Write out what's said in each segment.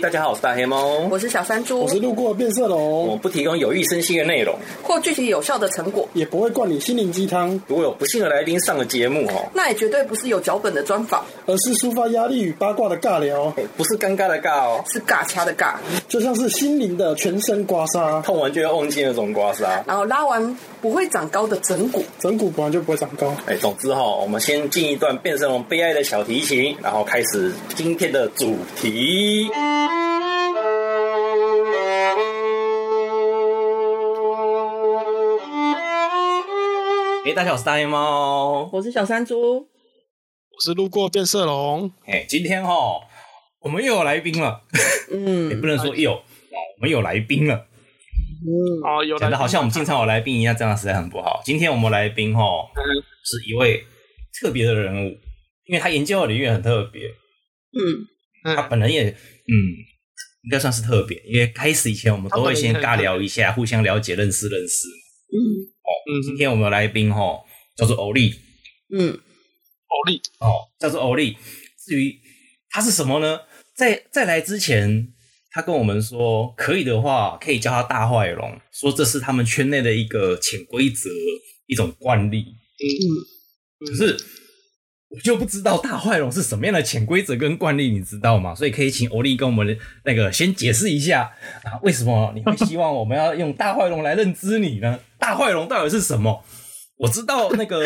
大家好，我是大黑貓，我是小山豬，我是路過的變色龍。我們不提供有益身心的內容，或具體有效的成果，也不會灌你心靈雞湯。如果有不幸的來賓上了節目哈，那也絕對不是有腳本的專訪，而是抒發壓力與八卦的尬聊，欸，不是尷尬的尬，喔，是尬掐的尬。就像是心靈的全身刮痧，痛完就要忘記那種刮痧。然後拉完不會長高的整骨，整骨本來就不會長高。哎，欸，總之哈，喔，我們先進一段變色龍悲哀的小提琴，然後開始今天的主題。哎、欸，大小黑貓，我是小山豬，我是路過變色龍、欸。今天哈，我們又有來賓了。嗯 也不能說有，嗯、我們有來賓了。嗯，哦，講的好像我們經常有來賓一樣、嗯，這樣實在很不好。今天我們來賓哈、嗯，是一位特別的人物，因為他研究的領域很特別、嗯。嗯，他本人也嗯，應該算是特別。因為開始以前，我們都會先尬聊一下，互相了解、認識、認識。嗯嗯、今天我們有來賓哦叫做歐力嗯，歐力哦，叫做歐力、嗯哦、至於他是什麼呢？在在來之前，他跟我們說，可以的話可以叫他大壞龍，說這是他們圈內的一個潛規則，一種慣例。嗯，嗯嗯可是。我就不知道大壞龍是什麼樣的潛規則跟慣例，你知道嗎？所以可以請歐力跟我們那個先解釋一下啊，為什麼你會希望我們要用大壞龍來認知你呢？大壞龍到底是什麼？我知道那個，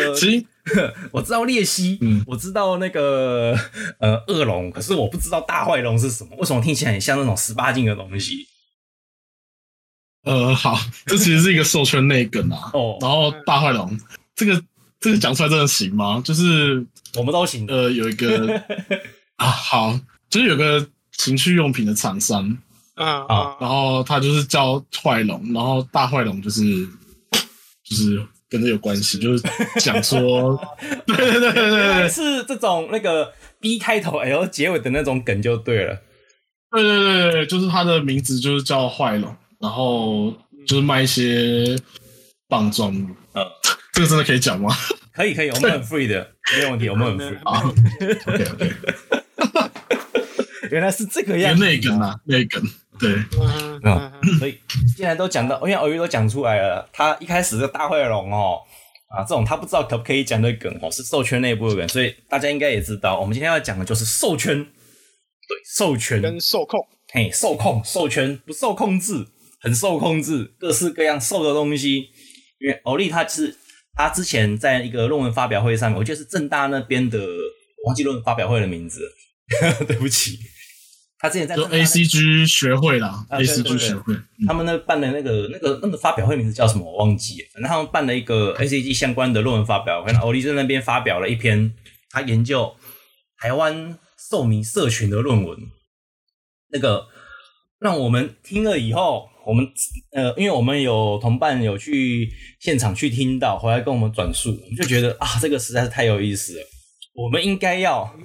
我知道鬣蜥，嗯，我知道那個呃惡龍，可是我不知道大壞龍是什麼。為什麼聽起來很像那種十八禁的東西？呃，好，這其實是一個獸圈內梗啊。 哦，然後大壞龍，嗯，這個。這個講出來真的行嗎？就是我們都行。呃，有一個 啊，好，就是有個情趣用品的廠商啊，啊，然後他就是叫壞龍，然後大壞龍就是就是跟這有關係，就是講說， 對，對對對對，對對是這種那個 B 開頭 L、哎、結尾的那種梗就對了。對對對對，就是他的名字就是叫壞龍，然後就是賣一些棒狀物，嗯。這個真的可以講嗎？可以，可以，我們很 free 的，沒有問題，我們很 free。啊，OK，OK，哈哈哈哈哈，原來是這個樣子的，內梗啊，內梗，對，啊， 所以既然都講到，因為歐力都講出來了，他一開始的大灰龍哦，啊，這種他不知道可不可以講的梗哦，是獸圈內部的梗，所以大家應該也知道，我們今天要講的就是獸圈，對，獸圈跟受控，嘿，受控，獸圈不受控制，很受控制，各式各樣獸的東西，因為歐力他、就是。他之前在一個論文發表會上面，我覺得是政大那邊的，忘記論文發表會的名字， 對不起。他之前在、那個、就 ACG 學會啦、啊、，ACG 對對對學會，他們那辦的那個、嗯、那個那個發表會名字叫什麼？我忘記了，然後他們辦了一個 ACG 相關的論文發表會，然後歐力森那邊發表了一篇他研究台灣獸迷社群的論文，那個讓我們聽了以後。我們呃，因為我們有同伴有去現場去聽到，回來跟我們轉述，我們就覺得啊，這個實在是太有意思了。我們應該要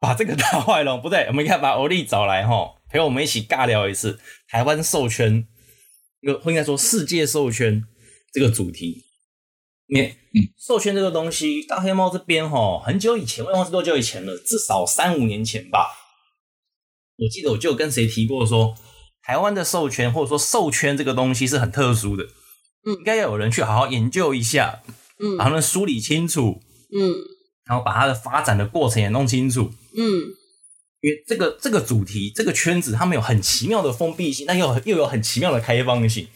把這個大壞龍，不對，我們應該把歐力找來哈，陪我們一起尬聊一次台灣獸圈，應該說世界獸圈這個主題。你、嗯、獸圈這個東西，大黑貓這邊哈，很久以前，忘記多久以前了，至少三五年前吧。我記得我有跟誰提過說。台灣的獸圈或者說獸圈這個東西是很特殊的，嗯，應該要有人去好好研究一下，嗯，然後梳理清楚，嗯，然後把它的發展的過程也弄清楚，嗯，因為這個這個主題這個圈子它們有很奇妙的封閉性，但又又有很奇妙的開放性。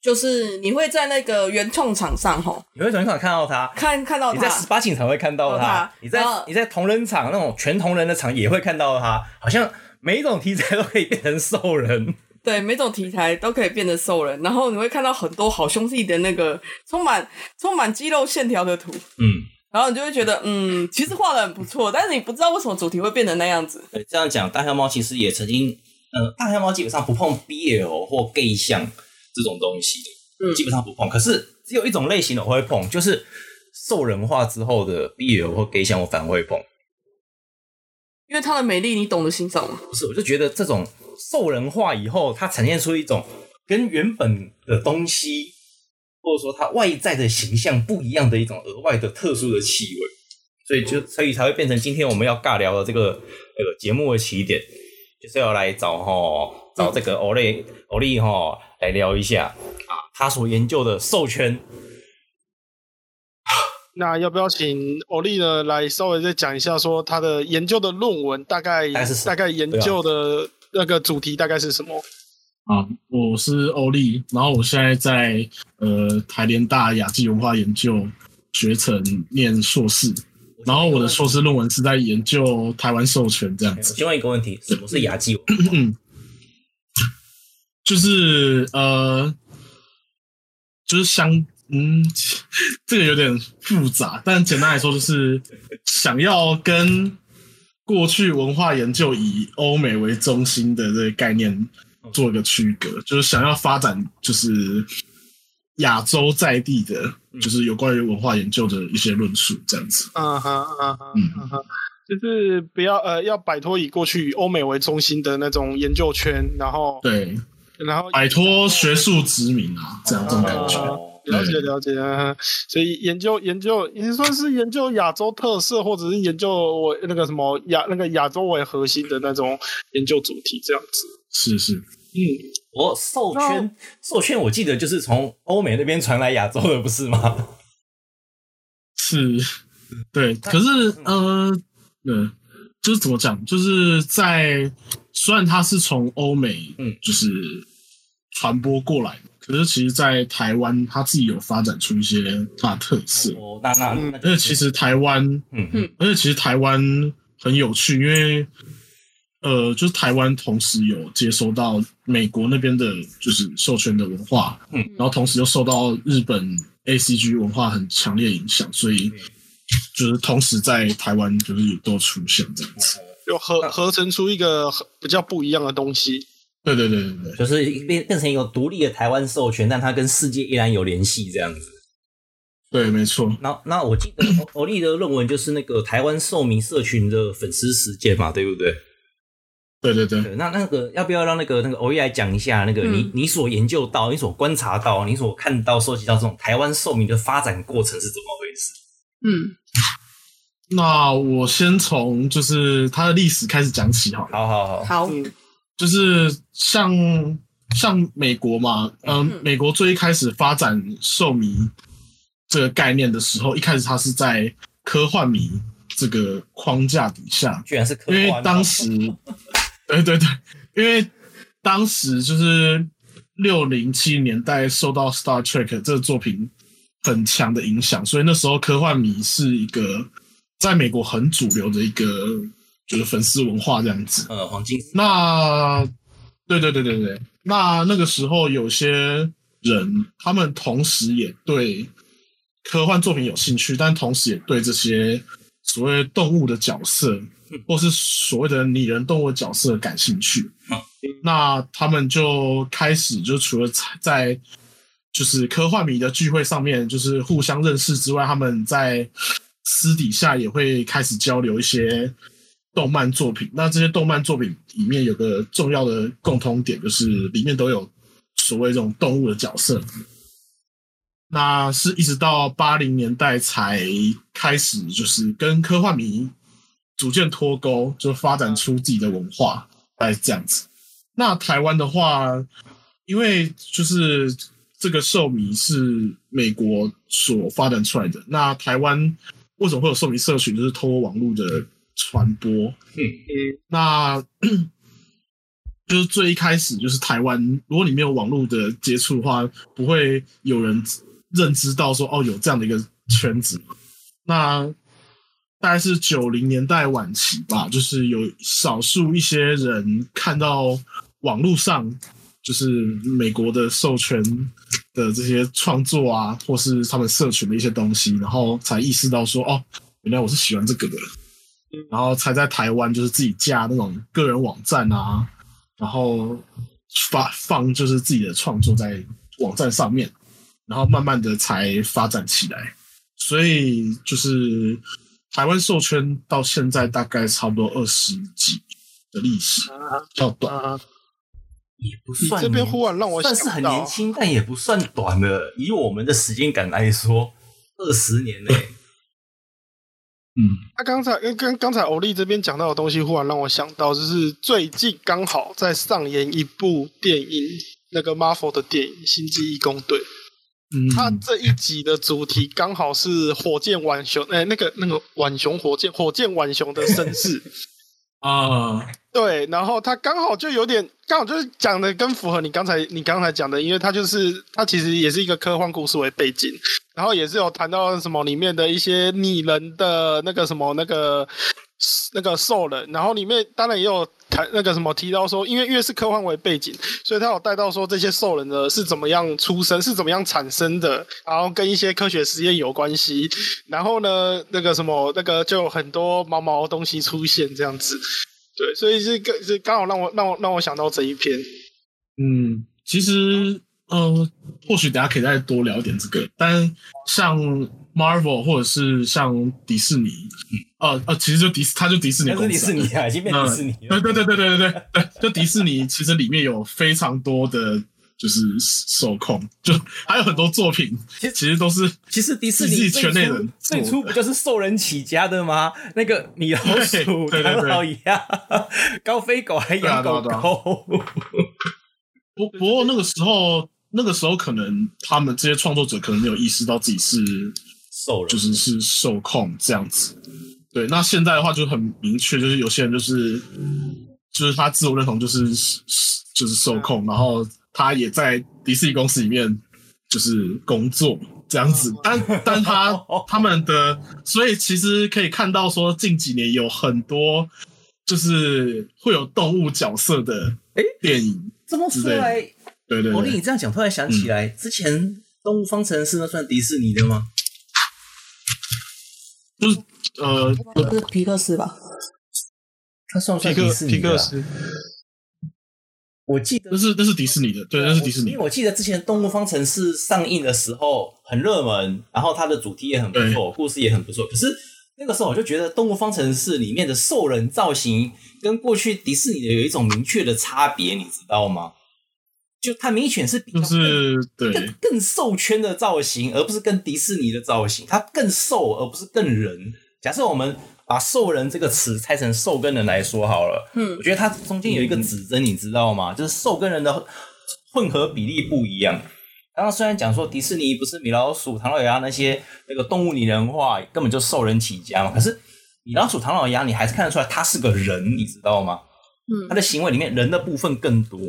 就是你會在那個原創場上吼，你會在原創場看到他，看看到他你在十八禁才會看到他，你在你在，你在同人場那種全同人的場也會看到他，好像每一種題材都可以變成獸人。對，每種題材都可以變得獸人，然後你會看到很多好兄弟的那個充滿充滿肌肉線條的圖，嗯，然後你就會覺得，嗯，其實畫的很不錯，但是你不知道為什麼主題會變成那樣子。對，這樣講，大黑貓其實也曾經，呃，大黑貓基本上不碰 BL 或 gay 向這種東西，嗯，基本上不碰，可是只有一種類型的我會碰，就是獸人化之後的 BL 或 gay 向，我反而會碰，因為它的美麗，你懂得欣賞嗎？不是，我就覺得這種。獸人化以後，它呈現出一種跟原本的東西，或者說它外在的形象不一樣的一種額外的特殊的氣味，所以就所以才會變成今天我們要尬聊的這個呃節目的起點，就是要來找哈、哦、找這個歐力歐力哈來聊一下啊，他所研究的獸圈，那要不要請歐力呢來稍微再講一下說他的研究的論文大概大概，大概研究的、啊。那個主題大概是什麼？啊，我是歐力，然後我現在在呃台聯大亞際文化研究學程念碩士，然後我的碩士論文,文是在研究台灣獸圈這樣子。請問一個問題，什麼是亞際文化嗯 就是呃，就是像嗯，這個有點複雜，但簡單來說就是想要跟。過去文化研究以歐美為中心的這個概念做一個區隔，就是想要發展就是亞洲在地的，就是有關於文化研究的一些論述，這樣子。Uh -huh, uh -huh, uh -huh. 嗯哼嗯哼嗯哼，就是不要呃要擺脫以過去以歐美為中心的那種研究圈，然後對，然後擺脫學術殖民啊，uh -huh.，這樣這種感覺。Uh -huh. 了解了解，嗯、所以研究研究也算是研究亞洲特色，或者是研究我那個什麼亞那個亞洲為核心的那種研究主題，這樣子。是是，嗯，我獸圈獸圈，哦、獸圈我記得就是從歐美那邊傳來亞洲的，不是嗎？是，對。可是，嗯、呃，呃，就是怎麼講？就是在雖然它是從歐美，嗯，就是傳播過來可是，其實，在台灣，他自己有發展出一些他的特色。哦，那那，而且其實台灣，嗯，但是其實台灣很有趣，嗯，因為，呃，就是台灣同時有接收到美國那邊的，就是授權的文化，嗯，然後同時又受到日本 ACG 文化很強烈影響，所以就是同時在台灣就是也都出現這樣子，就合合成出一個比較不一樣的東西。對對對對，對就是變變成一個獨立的台灣獸圈，但它跟世界依然有聯繫，這樣子。對，沒錯、嗯。那那我記得，歐歐力的論文就是那個台灣獸迷社群的粉絲實踐嘛，對不對？對對對。對那那個要不要讓那個那個歐力來講一下那個你、嗯、你所研究到、你所觀察到、你所看到、收集到這種台灣獸迷的發展過程是怎麼回事？嗯，那我先從就是它的歷史開始講起，好。好好好。好。就是像像美國嘛，嗯、呃，美國最一開始發展“獸迷”這個概念的時候，一開始它是在科幻迷這個框架底下，居然是科幻、啊、因為當時， 對對對，因為當時就是六零七零年代受到《Star Trek》這個作品很強的影響，所以那時候科幻迷是一個在美國很主流的一個。就是粉絲文化這樣子，呃，黃金。那，對對對對對，那那個時候有些人，他們同時也對科幻作品有興趣，但同時也對這些所謂動物的角色，或是所謂的擬人動物角色的感興趣。嗯。那他們就開始就除了在就是科幻迷的聚會上面，就是互相認識之外，他們在私底下也會開始交流一些。動漫作品，那這些動漫作品裡面有個重要的共通點，就是裡面都有所謂這種動物的角色。那是一直到八零年代才開始，就是跟科幻迷逐漸脫鈎，就發展出自己的文化，大概是這樣子。那台灣的話，因為就是這個獸迷是美國所發展出來的，那台灣為什麼會有獸迷社群，就是透過網絡的傳播，嗯、那就是最一開始，就是台灣。如果你沒有網絡的接觸的話，不會有人認知到說哦，有這樣的一個圈子。那大概是九零年代晚期吧，就是有少數一些人看到網絡上，就是美國的獸圈的這些創作啊，或是他們社群的一些東西，然後才意識到說哦，原來我是喜歡這個的。然後才在台灣就是自己架那種個人網站啊，然後發放就是自己的創作在網站上面，然後慢慢的才發展起來。所以就是台灣獸圈，到現在大概差不多二十幾的歷史，比較短，啊啊、也不算。這邊忽然讓我想算是很年輕，但也不算短的。以我們的時間感來說，二十年內。嗯，他、啊、剛才跟跟剛才歐力這邊講到的東西，忽然讓我想到，就是最近剛好在上演一部電影，那個 Marvel 的電影《星際異攻隊》，嗯，他這一集的主題剛好是火箭浣熊，哎、欸，那個那個浣熊火箭，火箭浣熊的身世啊， 對，然後他剛好就有點，剛好就是講的更符合你剛才你剛才講的，因為他就是他其實也是一個科幻故事為背景。然後也是有談到什麼裡面的一些擬人的那個什麼那個那個獸人，然後裡面當然也有談那個什麼提到說，因為越是科幻為背景，所以他有帶到說這些獸人的是怎麼樣出生，是怎麼樣產生的，然後跟一些科學實驗有關係。然後呢，那個什麼那個就有很多毛毛東西出現這樣子，對，所以是剛剛好讓我讓我讓我想到這一篇。嗯，其實。嗯呃，或許大家可以再多聊一點這個，但像 Marvel 或者是像迪士尼，呃，呃其實就迪他就迪士尼他就迪士尼啊，已經變迪士尼了。嗯、對對對對對對 對，就迪士尼其實裡面有非常多的，就是獸控，就還有很多作品，其實都是，其實迪士尼圈內人最初不就是獸人起家的嗎？那個米老鼠、對對對，對，唐老鴨、高飛狗，還養狗、狗。不不過那個時候。那個時候可能他們這些創作者可能沒有意識到自己是受，就是是受控這樣子。對，那現在的話就很明確，就是有些人就是就是他自我認同就是就是受控，然後他也在迪士尼公司裡面就是工作這樣子。但但他他們的，所以其實可以看到說近幾年有很多就是會有動物角色的哎電影誒，這麼說對對，我聽，你這樣講，突然想起來，嗯、之前《動物方程式》那算迪士尼的嗎？就是呃，不是皮克斯吧？它算不算迪士尼的？啊皮克？皮克斯，我記得那是那是迪士尼的，對，那是迪士尼。因為我記得之前《動物方程式》上映的時候很熱門，然後它的主題也很不錯，故事也很不錯。可是那個時候我就覺得，《動物方程式》裡面的獸人造型跟過去迪士尼的有一種明確的差別，你知道嗎？就它明顯是比較更是更獸圈的造型，而不是更迪士尼的造型。它更獸，而不是更人。假設我們把“獸人”這個詞拆成“獸”跟“人”來說好了，嗯，我覺得它中間有一個指針，嗯，你知道嗎？就是獸跟人的混合比例不一樣。剛剛雖然講說迪士尼不是米老鼠、唐老鴨那些那個動物擬人化，根本就獸人起家嘛，可是米老鼠、唐老鴨，你還是看得出來他是個人，你知道嗎？嗯，他的行為裡面人的部分更多。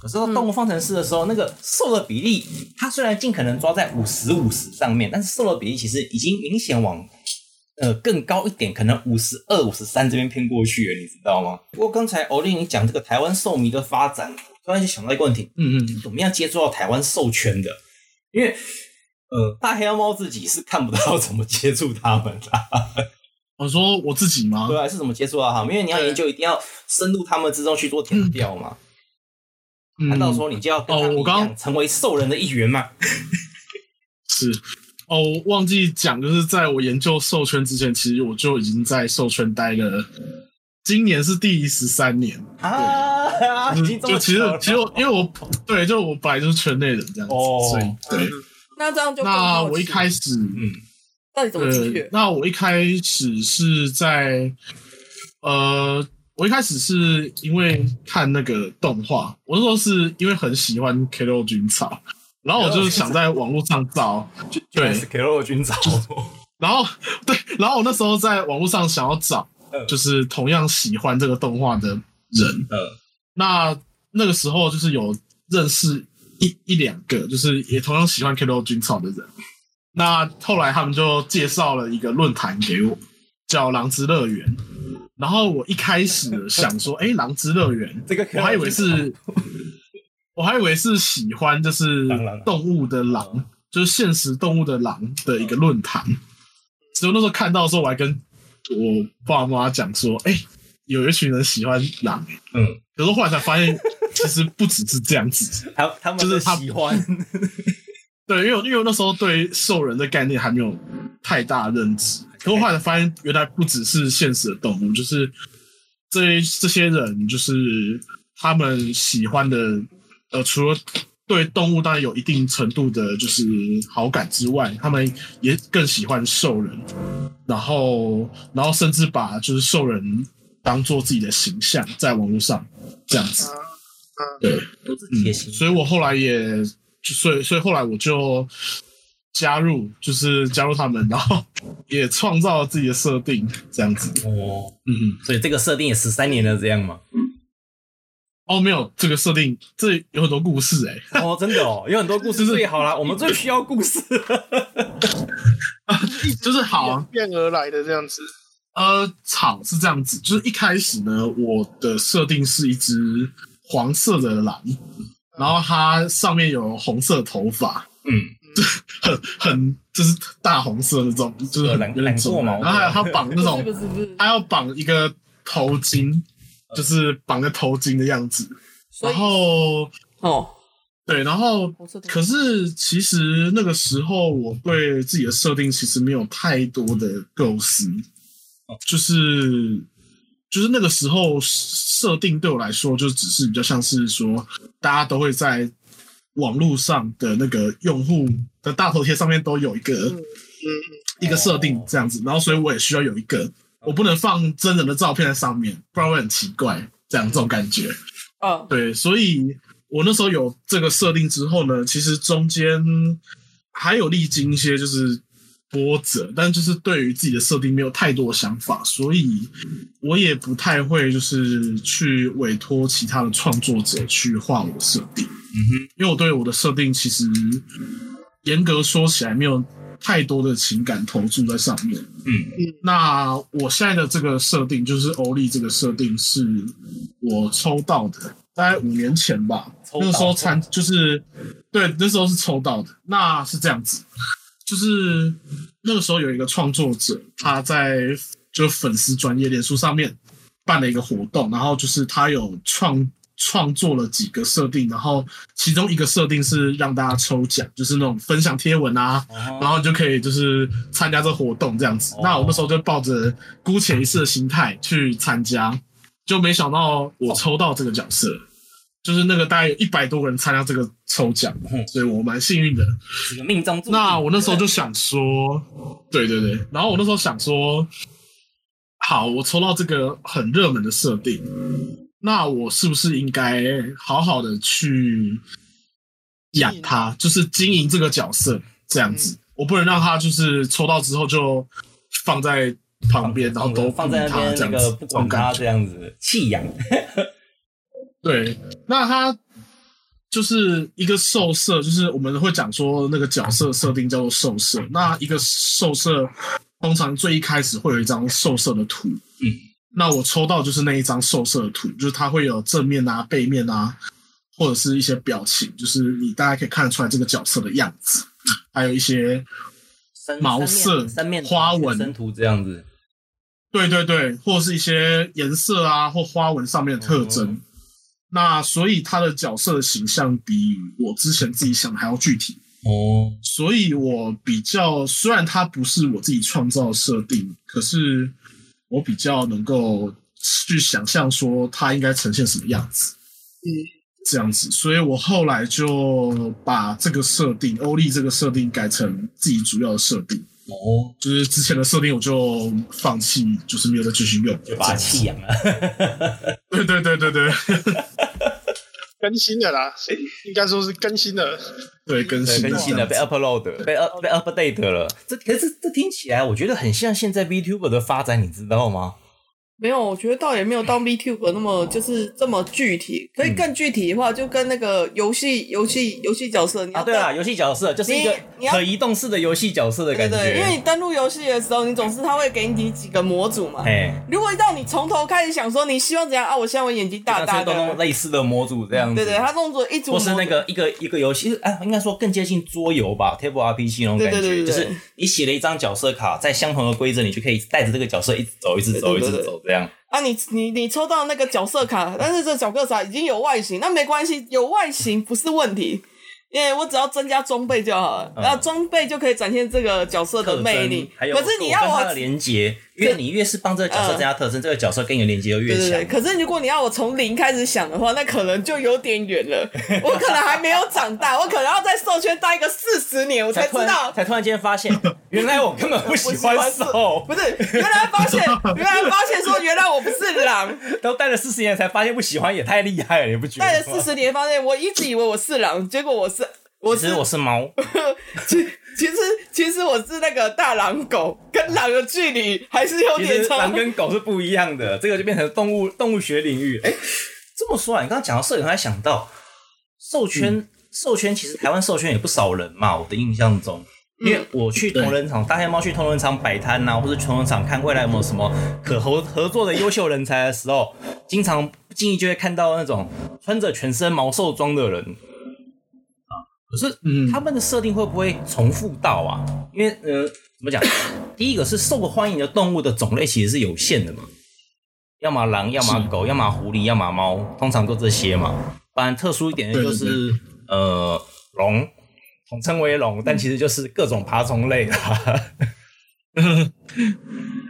可是到動物方程式的時候，嗯、那個獸的比例，它雖然盡可能抓在五十五十上面，但是獸的比例其實已經明顯往呃更高一點，可能五十二、五十三這邊偏過去了，你知道嗎？不過剛才歐力你講這個台灣獸迷的發展，突然就想到一個問題，嗯嗯，怎麼樣接觸到台灣獸圈的？因為呃，大黑貓自己是看不到怎麼接觸他們的、啊。我說我自己嗎？對啊，是怎麼接觸到哈，因為你要研究，一定要深入他們之中去做田調嘛。嗯嗯那到時候你就要哦，我剛成為獸人的一員嘛。嗯、哦 是哦，我忘記講，就是在我研究獸圈之前，其實我就已經在獸圈待了。今年是第十三年啊，已經！就其實其實，因為我對，就我本來就是圈內人這樣子，哦、所以對、嗯。那這樣就那我一開始嗯，到底怎麼進去？那我一開始是在呃。我一開始是因為看那個動畫，我那時候是因為很喜歡 Keroro 軍曹，然後我就想在網絡上找 K 對 Keroro 軍曹，然後對，然後我那時候在網絡上想要找，就是同樣喜歡這個動畫的人，呃、嗯嗯嗯嗯，那那個時候就是有認識一一兩個，就是也同樣喜歡 Keroro 軍曹的人，那後來他們就介紹了一個論壇給我，叫狼之樂園。 然後我一開始想說，哎、欸，狼之樂園、嗯，我還以為是，我還以為是喜歡就是動物的狼，狼狼狼就是現實動物的狼的一個論壇、嗯。所以我那時候看到的時候，我還跟我爸媽講說，哎、欸，有一群人喜歡狼，嗯。可是後來才發現，其實不只是這樣子， 他他們就是喜歡。就是、 對，因為因為那時候對獸人的概念還沒有太大認知。可我後來的發現，原來不只是現實的動物，就是這這些人，就是他們喜歡的。呃，除了對動物當然有一定程度的，就是好感之外，他們也更喜歡獸人，然後，然後甚至把就是獸人當做自己的形象在網絡上這樣子。對，都、嗯、是。所以我後來也，所以，所以後來我就。加入就是加入他們，然後也創造了自己的設定，這樣子哦，嗯，所以這個設定也十三年了，這樣嗎、嗯？哦，沒有，這個設定這有很多故事哎、欸，哦，真的哦，有很多故事。就是、好啦，我們最需要故事， 就是好變而來的這樣子。呃，草是這樣子，就是一開始呢，我的設定是一只黃色的狼，然後它上面有紅色頭髮，嗯。嗯 很很就是大紅色那種的，就是做色，然後還有他綁那種，他 要綁一個頭巾， 就是綁個頭巾的樣子。然後哦，對，然後可是其實那個時候，我對自己的設定其實沒有太多的構思， 就是就是那個時候設定對我來說，就只是比較像是說大家都會在。網絡上的那個用戶的大頭貼上面都有一個，嗯，一個設定這樣子，然後所以我也需要有一個，我不能放真人的照片在上面，不然會很奇怪，這樣這種感覺，啊，對，所以我那時候有這個設定之後呢，其實中間還有歷經一些就是波折，但就是對於自己的設定沒有太多的想法，所以我也不太會就是去委託其他的創作者去畫我設定。嗯哼，因為我對我的設定其實嚴格說起來沒有太多的情感投注在上面。嗯，嗯那我現在的這個設定就是歐力這個設定是我抽到的，大概五年前吧。抽那時候參就是對，那時候是抽到的。那是這樣子，就是那個時候有一個創作者，他在就粉絲專頁臉書上面辦了一個活動，然後就是他有創。創作了幾個設定，然後其中一個設定是讓大家抽獎，就是那種分享貼文啊，oh. 然後就可以就是參加這活動這樣子。Oh. 那我那時候就抱着姑且一試的心態去參加，就沒想到我抽到這個角色，oh. 就是那個大概有一百多個人參加這個抽獎，oh. 所以我蠻幸運的。命中。那我那時候就想說，oh. 對對對，然後我那時候想說，好，我抽到這個很熱門的設定。那我是不是應該好好的去養它，就是經營這個角色這樣子，嗯、我不能讓它就是抽到之後就放在旁邊，然後都放在那邊，那個不管它這樣子棄養。 對，那它就是一個獸設，就是我們會講說那個角色設定叫做獸設。那一個獸設通常最一開始會有一張獸設的圖，嗯。那我抽到就是那一張獸色的圖，就是它會有正面啊、背面啊，或者是一些表情，就是你大家可以看得出來這個角色的樣子，還有一些毛色、身身花紋、三圖這樣子，嗯。對對對，或者是一些顏色啊，或花紋上面的特徵，哦。那所以它的角色的形象比我之前自己想的還要具體哦。所以，我比較雖然它不是我自己創造設定，可是。我比較能夠去想象說它應該呈現什麼樣子，嗯，這樣子，所以我後來就把這個設定歐力這個設定改成自己主要的設定，哦，就是之前的設定我就放棄，就是沒有再繼續用，就放棄了。對對對對對，對。 更新了啦，欸、應該說是更新了，對，更新更新了被 upload、 被 up、被 update 了。這可是這,這,這聽起來，我覺得很像現在 VTuber 的發展，你知道嗎？沒有，我覺得倒也沒有當 VTuber 那麼就是這麼具體。可以更具體的話，就跟那個遊戲、遊戲、遊戲角色你啊對啦，對啊，遊戲角色就是一個可移動式的遊戲角色的感覺。對，對對，因為你登錄遊戲的時候，你總是他會給你幾個模組嘛。哎，如果一到你從頭開始想說你希望怎樣啊？我現在我眼睛大大的，那種類似的模組這樣子、嗯。對對，對，他動作一組，模組是那個一個一個遊戲，哎、啊，應該說更接近桌遊吧，table RPG 那種感覺。對對對對對，就是你寫了一張角色卡，在相同的規則你就可以帶着這個角色一直走，一直走，一直走。啊你，你你你抽到那個角色卡，但是這個角色卡已經有外形，那沒關係，有外形不是問題，因為我只要增加裝備就好了，嗯，然後裝備就可以展現這個角色的魅力。可是你要我，我因為你越是幫這個角色增加特徵，呃，這個角色跟你的連接就越強。對對對。可是如果你要我從零開始想的話，那可能就有點遠了。我可能還沒有長大，我可能要在獸圈待一個四十年，我才知道，才突然間發現， 原來我根本不喜歡獸。不是，原來發現， 原來發現說，原來我不是狼。 都待了四十年，才發現不喜歡也太厲害了，你不覺得？待了四十年，發現我一直以為我是狼，結果我是……我其實我是貓。 其實，其實我是那個大狼狗，跟狼的距離還是有點長。其實狼跟狗是不一樣的， 這個就變成動物動物學領域。哎，這麼說啊，你剛剛講到攝影，我還想到獸圈，嗯、獸圈其實台灣獸圈也不少人嘛。我的印象中，因為我去同人場、嗯、大黑貓去同人場擺攤吶、啊，或者是同人場看未來有沒有什麼可合合作的優秀人才的時候，經常不經意就會看到那種穿着全身毛獸裝的人。可是，嗯，他們的設定會不會重複到啊？因為，呃，怎麼講？ 第一個是受歡迎的動物的種類其實是有限的嘛，要麼狼，要麼狗，狗，要麼狐狸，要麼貓，通常都這些嘛。當然，特殊一點的就是，對對對，呃，龍，統稱為龍，但其實就是各種爬蟲類、啊嗯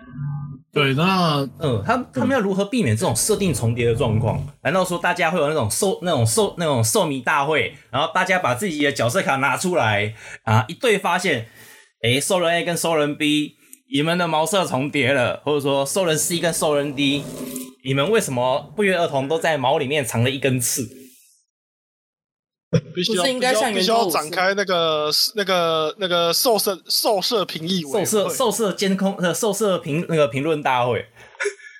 對，那嗯，他他們要如何避免這種設定重疊的狀況？難、嗯、道說大家會有那種獸那種獸那種獸迷大會，然後大家把自己的角色卡拿出來啊，一對發現，哎，獸人 A 跟獸人 B，你們的毛色重疊了，或者說獸人 C 跟獸人 D，你們為什麼不約而同都在毛裡面藏了一根刺？不是應該像元，必須要展開那個那個那個獸社獸社評議會，獸社獸社監控呃獸社評那個評論大會，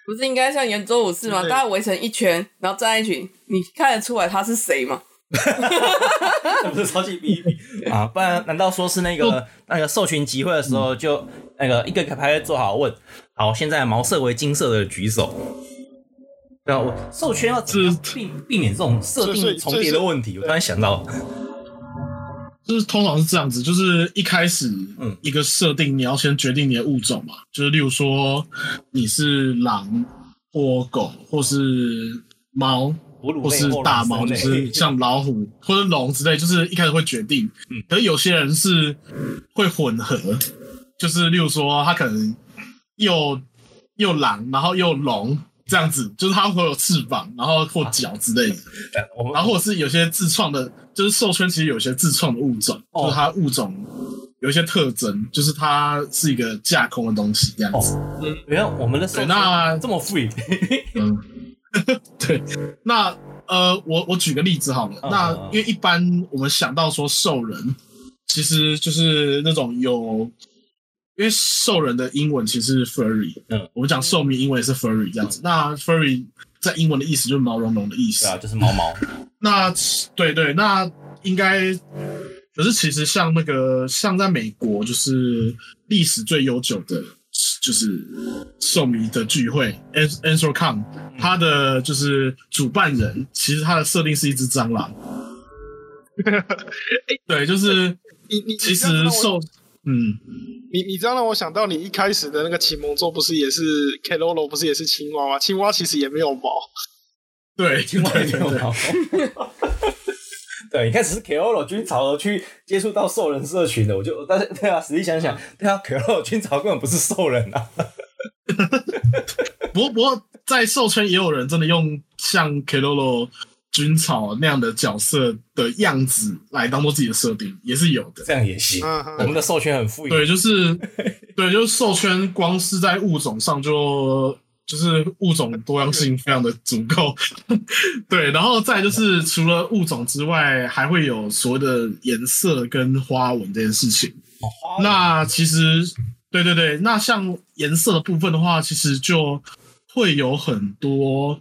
不是應該像圓桌武士嗎？對對對，大家圍成一圈，然後站一群，你看得出來他是誰嗎？不是超級秘密啊，不然難道說是那個、嗯、那個獸群集會的時候，就那個一個卡牌位做好問、嗯，好，現在毛色為金色的舉手。啊！獸圈要怎麼避避免這種設定重疊的問題，我突然想到，嗯、就是通常是這樣子，就是一開始，嗯，一個設定你要先決定你的物種嘛，就是例如說你是狼或狗，或是貓，或，或是大貓，或、呃呃就是像老虎、欸、或者龍之類，就是一開始會決定。嗯、可是有些人是會混合，就是例如說他可能又又狼，然後又龍。這樣子，就是它會有翅膀，然後或腳之類的，啊、然後是有些自創的，就是獸圈其實有些自創的物種，哦、就是它物種有一些特徵，就是它是一個架空的東西這樣子。哦、沒有我們的手，那這麼富 r e 對，那呃，我我舉個例子好了，嗯、那、嗯、因為一般我們想到說獸人，其實就是那種有。因為獸人的英文其實是 furry，嗯，我們講獸迷英文也是 furry 這樣子。那 furry 在英文的意思就是毛茸茸的意思，對啊，就是毛毛。 那對，對對，那應該，可是，就是其實像那個像在美國就是歷史最悠久的，就是獸迷的聚會、嗯、Anthrocon，他的就是主辦人其實他的設定是一隻蟑螂、 欸。對，就是，欸、其實獸。嗯，你你這樣讓我想到，你一開始的那個啟蒙作不是也是 Keroro 不是也是青蛙嗎？青蛙其實也沒有毛，對，青蛙也沒有毛。對，對，對，一 開始是 Keroro 軍曹去接觸到獸人社群的，我就但是對啊，實際想想，對啊 Keroro 軍曹根本不是獸人啊。 不，不過不過在獸圈也有人真的用像 Keroro。菌草那樣的角色的樣子來當做自己的設定也是有的，這樣也行。Uh -huh. 我們的獸圈很富裕。對，就是對，就是獸圈光是在物種上就就是物種的多樣性非常的足夠， 對，然後再就是 除了物種之外，還會有所謂的顏色跟花紋這件事情。Oh. 那其實對對對，那像顏色的部分的話，其實就會有很多。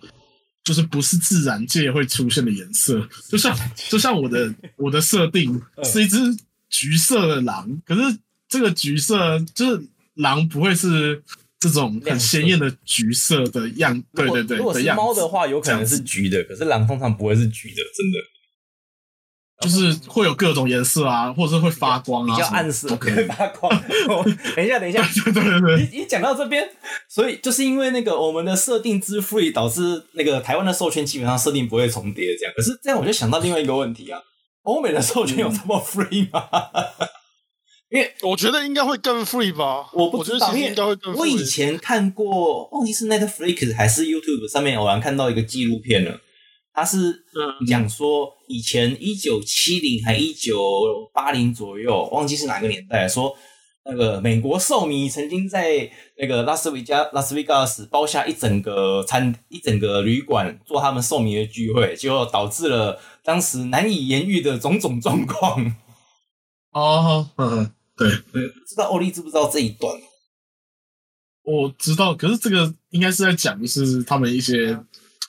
就是不是自然界會出現的顏色，就像就像我的 我的設定是一隻橘色的狼，可是這個橘色就是狼不會是這種很鮮豔的橘色的樣，對對對如，如果是貓的話，有可能是橘的，可是狼通常不會是橘的，真的。就是會有各種顏色啊，或者是會發光啊。比較暗色，不會、okay. 發光、 哦。等一下，等一下。 對對對,對。你你講到這邊，所以就是因為那個我們的設定之 free 導致那個台灣的授權基本上設定不會重疊，這樣。可是這樣我就想到另外一個問題啊，歐美的授權有這麼 free 嗎？嗯、 因為我覺得應該會更 free 吧。我不知道，應該會更 free。我以前看過，哦、忘記是 Netflix 還是 YouTube 上面偶然看到一個紀錄片了。他是講說，以前一九七零還一九八零左右，忘記是哪個年代。說那個美國獸迷曾經在那個拉斯維加拉斯維加斯包下一整個餐一整個旅館做他們獸迷的聚會，結果導致了當時難以言喻的種種狀況。哦、uh, 嗯，嗯，對，不知道歐力知不知道這一段？我知道，可是這個應該是在講的是他們一些。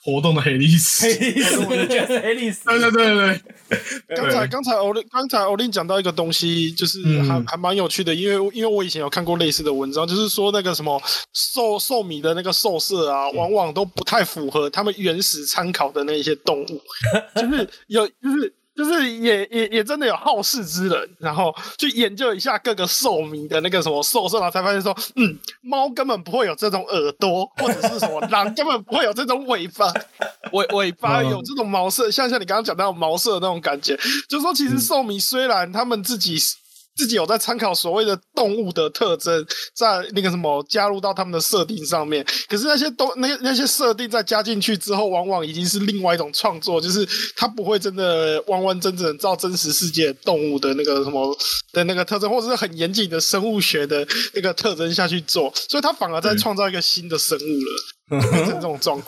活動的黑歷史，黑歷史 我就覺得黑歷史。對對對對剛 才剛才歐力剛才歐力講到一個東西，就是還、嗯、還蠻有趣的，因為因為我以前有看過類似的文章，就是說那個什麼獸獸迷的那個獸設啊，往往都不太符合他們原始參考的那些動物， 就是有就是。就是也也也真的有好事之人，然後去研究一下各個獸迷的那個什麼獸設，然後才發現說，嗯，貓根本不會有這種耳朵，或者是什麼狼根本不會有這種尾巴， 尾尾巴有這種毛色，像 像你剛剛講到毛色的那種感覺，就說其實獸迷雖然他們自己。自己有在參考所謂的動物的特徵，在那個什麼加入到他們的設定上面。可是那些都，那些那些設定再加進去之後，往往已經是另外一種創作，就是它不會真的完完整整照真實世界動物的那個什麼的那個特徵，或者是很嚴謹的生物學的那個特徵下去做。所以它反而在創造一個新的生物了，這種狀況。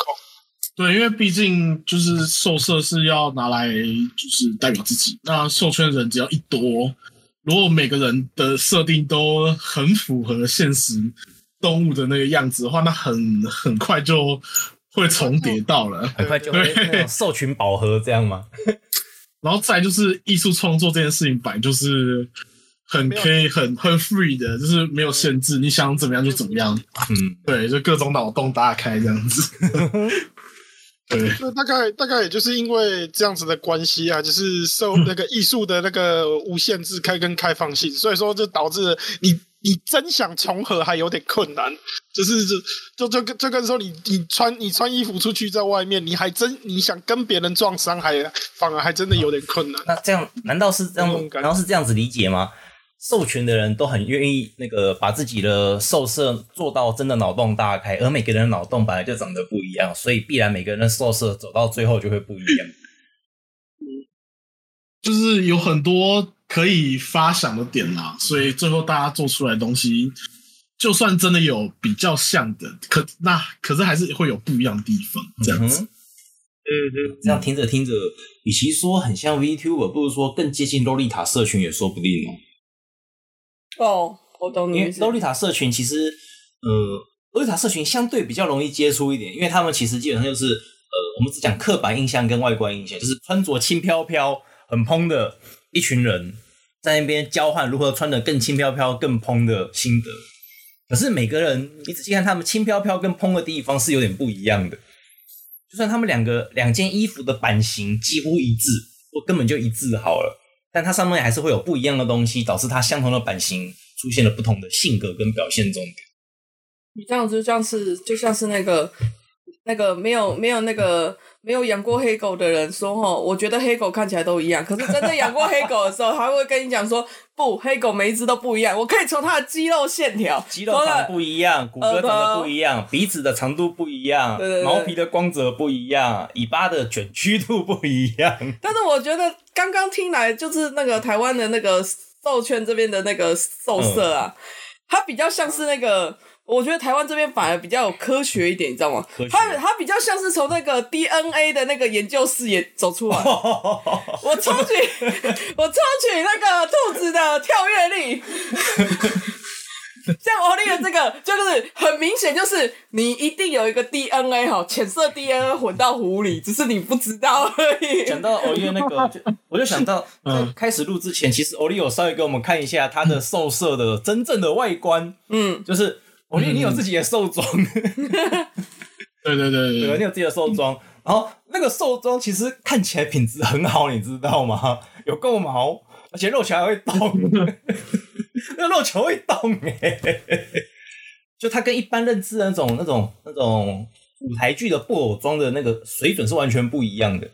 對，因為畢竟就是獸設是要拿來就是代表自己，那獸圈人只要一多。如果每個人的設定都很符合現實動物的那個樣子的話，那很很快就會重疊到了。嗯，很快就會受群飽和這樣嗎？然後再就是藝術創作這件事情，本來就是很可以，很很 free 的，就是沒有限制。嗯，你想怎麼樣就怎麼樣。嗯，對，就各種腦洞大開這樣子。 那、嗯、大概大概也就是因為這樣子的關係啊，就是受那個藝術的那個無限制開跟開放性，所以說就導致你你真想重合還有點困難，就是就就就跟，就跟說你你穿你穿衣服出去在外面，你還真你想跟別人撞衫，還反而還真的有點困難。那這樣難道是這樣，嗯、難道是這樣子理解嗎？獸圈的人都很願意那個把自己的獸設做到真的腦洞大開，而每個人的腦洞本來就長得不一樣，所以必然每個人的獸設走到最後就會不一樣、嗯。就是有很多可以發想的點啦、啊，所以最後大家做出來的東西，就算真的有比較像的，可那可是還是會有不一樣的地方。這樣子，對這樣聽着聽着，與其說很像 VTuber，不如說更接近洛麗塔社群也說不定哦。哦，我懂你。因為洛麗塔社群其實，呃，洛麗塔社群相對比較容易接觸一點，因為他們其實基本上就是，呃，我們只講刻板印象跟外觀印象，就是穿着輕飄飄、很蓬的一群人在那邊交換如何穿得更輕飄飄、更蓬的心得。可是每個人，你仔細看他們輕飄飄跟蓬的地方是有點不一樣的，就算他們兩個兩件衣服的版型幾乎一致，或根本就一致好了。但它上面還是會有不一樣的東西，導致它相同的版型出現了不同的性格跟表現重點。你這，這樣子，就像是就像是那個那個沒有沒有那個。沒有養過黑狗的人說：“齁，我覺得黑狗看起來都一樣。可是真正養過黑狗的時候， 他會跟你講說，不，黑狗每一隻都不一樣。我可以從它的肌肉線條、肌肉長得不一樣、的呃、骨骼長得不一樣、鼻、呃、子的長度不一樣對對對對、毛皮的光澤不一樣、尾巴的捲曲度不一樣。 ”但是我覺得剛剛聽來，就是那個台灣的那個獸圈這邊的那個獸舍啊，它、嗯、比較像是那個。我覺得台灣這邊反而比較有科學一點，你知道嗎？科學他他比較像是從那個 DNA 的那個研究室也走出來。哦哦哦哦哦哦我抽取 我抽取那個兔子的跳躍力， 像歐力的這個就是很明顯，就是你一定有一個 DNA 哈，淺色 DNA 混到湖裡，只是你不知道而已。講到歐力的那個，我就想到在開始錄之前， 其實歐力有稍微給我們看一下他的獸設的真正的外觀，嗯，就是。我覺得你有自己的獸裝， 對，對，對對對對，你有自己的獸裝、嗯，然後那個獸裝其實看起來品質很好，你知道嗎？有夠毛，而且肉球還會動，那 肉球會動哎、欸，就它跟一般認知那種那種那種舞台劇的布偶裝的那個水準是完全不一樣的，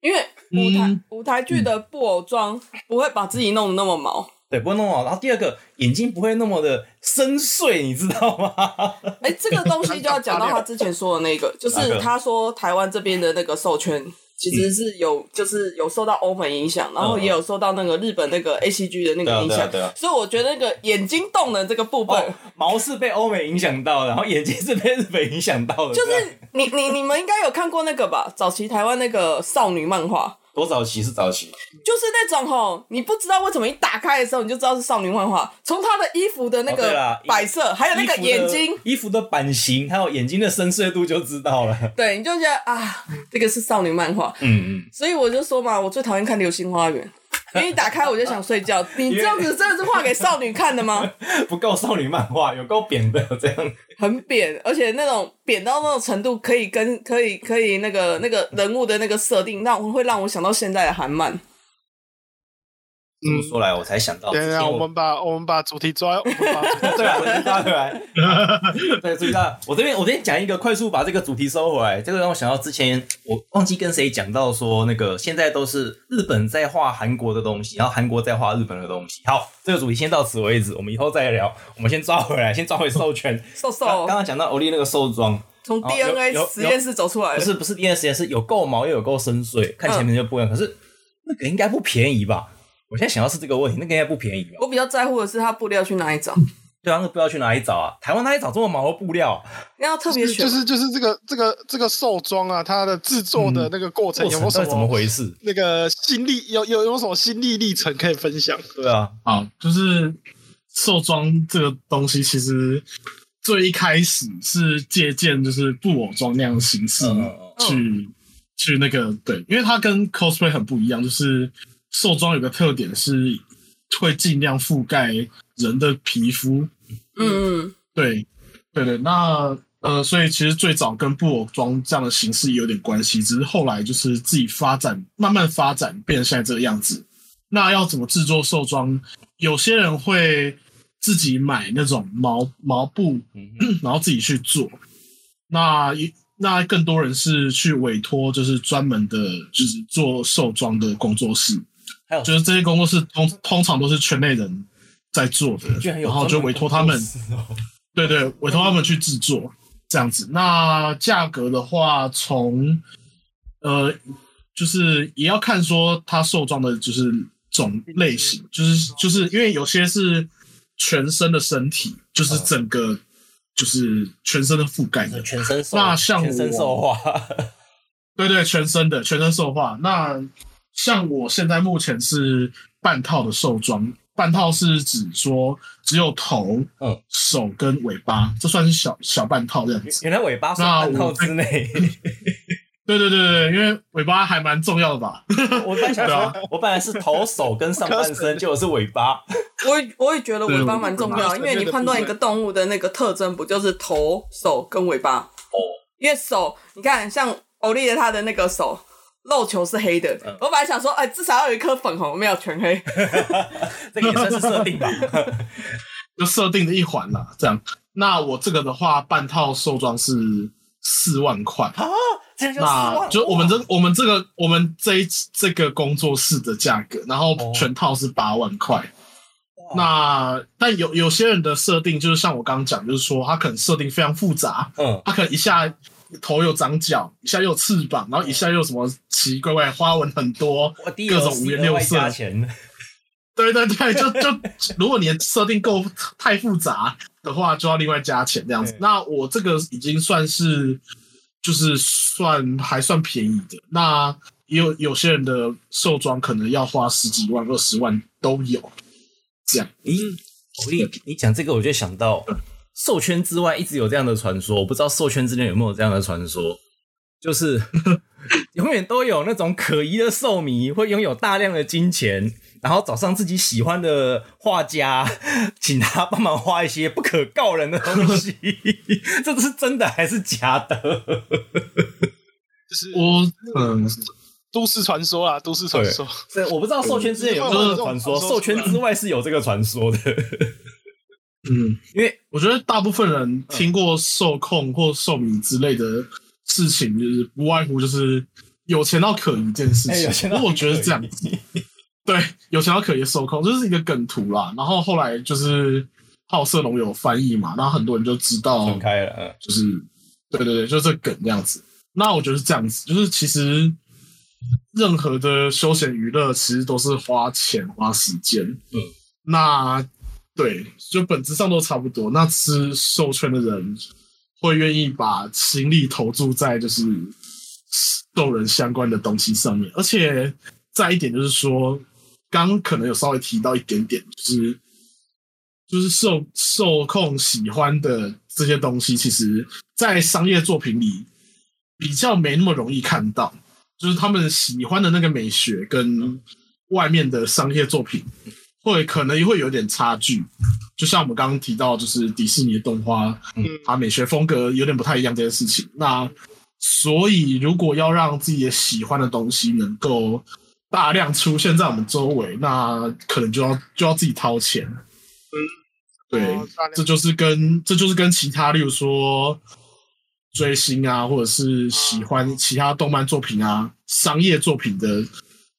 因為舞台、嗯、舞台劇的布偶裝不會把自己弄得那麼毛。對，不會弄哦好。然後第二個，眼睛不會那麼的深邃，你知道嗎？哎，這個東西就要講到他之前說的那個， 就是他說台灣這邊的那個獸圈其實是有、嗯，就是有受到歐美影響、嗯，然後也有受到那個日本那個 ACG 的那個影響。對啊對啊對啊、所以我覺得那個眼睛動的這個部分、哦，毛是被歐美影響到的，然後眼睛是被日本影響到的。就是、啊、你你你們應該有看過那個吧？早期台灣那個少女漫畫。多早期是早期？就是那種吼，你不知道為什麼一打開的時候你就知道是少女漫畫，從他的衣服的那個擺設、哦，還有那個眼睛，衣服的，衣服的版型，還有眼睛的深邃度就知道了。對，你就覺得啊，這個是少女漫畫。嗯嗯，所以我就說嘛，我最討厭看流星花園。給 你一打開我就想睡覺，你這樣子真的是畫給少女看的嗎？ 不夠少女漫畫，有夠扁的，這樣很扁，而且那種扁到那種程度可以跟，可以跟可以可以那個那個人物的那個設定，那我會讓我想到現在的韓漫。這麼說來，我才想到、嗯。對啊，我們把我們把主題抓回來，對啊， 抓回來。 啊、對，注意看，我這邊我這邊講一個，快速把這個主題收回來。這個讓我想到之前我忘記跟誰講到說，那個現在都是日本在畫韓國的東西，然後韓國在畫日本的東西。好，這個主題先到此為止，我們以後再聊。我們先抓回來，先抓回獸圈。獸獸，剛剛講到歐力那個獸裝，從 DNA 實驗室，實驗室走出來，不是不是 DNA 實驗室，有夠毛又有夠深邃，嗯、看前面就不一樣。可是那個應該不便宜吧？我現在想到是這個問題，那個應該不便宜吧？我比較在乎的是它布料去哪裡找。對、嗯、啊，那布料去哪裡找啊？台灣哪裡找這麼毛的布料？要特別選，就是就是這個這個這個獸裝啊，它的製作的那個過程、嗯、有沒有什麼怎麼回事？那個心理有有有，有什麼心理歷程可以分享？對啊，啊，就是獸裝這個東西，其實最一開始是借鑑就是布偶裝那樣的形式去、嗯、去那個對，因為它跟 cosplay 很不一樣，就是。獸裝有個特點是會盡量覆蓋人的皮膚，嗯，對，對對。那呃，所以其實最早跟布偶裝這樣的形式也有點關係，只是後來就是自己發展，慢慢發展變成現在這個樣子。那要怎麼製作獸裝？有些人會自己買那種毛毛布，然後自己去做。那一那更多人是去委託，就是專門的就是做獸裝的工作室。就是這些工作室通通常都是圈內人在做的，然後就委托他們，對對，委托他們去制作這樣子。那價格的話，從呃，就是也要看說它獸裝的就是種類型，就是就是因為有些是全身的身體，就是整個就是全身的覆蓋的，那像全身獸化，對對，全身的全身獸化那。像我現在目前是半套的獸裝，半套是指說只有頭、嗯、手跟尾巴，這算是小小半套這樣子。原來尾巴算半套之內、啊。 對對對，對因為尾巴還蠻重要的吧？我本來想說， 我本來是頭手跟上半身，就是尾巴。 我我也覺得尾巴蠻重要的的，因為你判斷一個動物的那個特徵，不就是頭、手跟尾巴？哦，因為手，你看像歐力的他的那個手。肉球是黑的，我本來想說，哎、欸，至少要有一顆粉紅，沒有全黑， 這個也算是設定吧， 就設定的一環啦。這樣，那我這個的話，半套獸裝是四萬塊啊，這就四萬，就我們這我們這個我們這一這個工作室的價格，然後全套是八萬塊、哦。那但有有些人的設定就是像我剛剛講，就是說他可能設定非常複雜，嗯，他可能一下。頭有長角，一下又有翅膀，然後一下又有什麼奇怪怪花紋很多，oh. 各種五顏六色。對對對，就就 如果你的設定夠太複雜的話，就要另外加錢這樣子。那我這個已經算是就是算還算便宜的。那也有有些人的獸裝可能要花十幾萬、二十萬都有。這樣，嗯，我你你講這個，我就想到。獸圈之外一直有這樣的傳說，我不知道獸圈之內有沒有這樣的傳說，就是 永遠都有那種可疑的獸迷會擁有大量的金錢，然後找上自己喜歡的畫家，請他幫忙畫一些不可告人的東西， 這是真的還是假的？ 就是我嗯，都市傳說啊，都市傳說。對，我不知道獸圈之內有沒有這個傳說，獸 圈之外是有這個傳說的。 嗯，因為我覺得大部分人聽過獸控或獸迷之類的事情，就是不外乎就是有錢到可疑一件事情，欸。不過我覺得是這樣子， 對，有錢到可疑也獸控，就是一個梗圖啦。然後後來就是好色龍有翻譯嘛，然後很多人就知道，開了，就是對對對，就這、是、梗這樣子。那我覺得是這樣子，就是其實任何的休閒娛樂，其實都是花錢花時間。嗯，那。對，就本質上都差不多。那吃獸圈的人會願意把心力投注在就是獸人相關的東西上面，而且再一點就是說，剛可能有稍微提到一點點，就是就是獸獸控喜歡的這些東西，其實在商業作品裡比較沒那麼容易看到，就是他們喜歡的那個美學跟外面的商業作品。會可能也會有點差距，就像我們剛剛提到，就是迪士尼的動畫、嗯，它美學風格有點不太一樣這件事情。那所以，如果要讓自己喜歡的東西能夠大量出現在我們周圍，嗯、那可能就要就要自己掏錢。嗯，對，這就是跟這就是跟其他，例如說追星啊，或者是喜歡其他動漫作品啊、嗯、商業作品的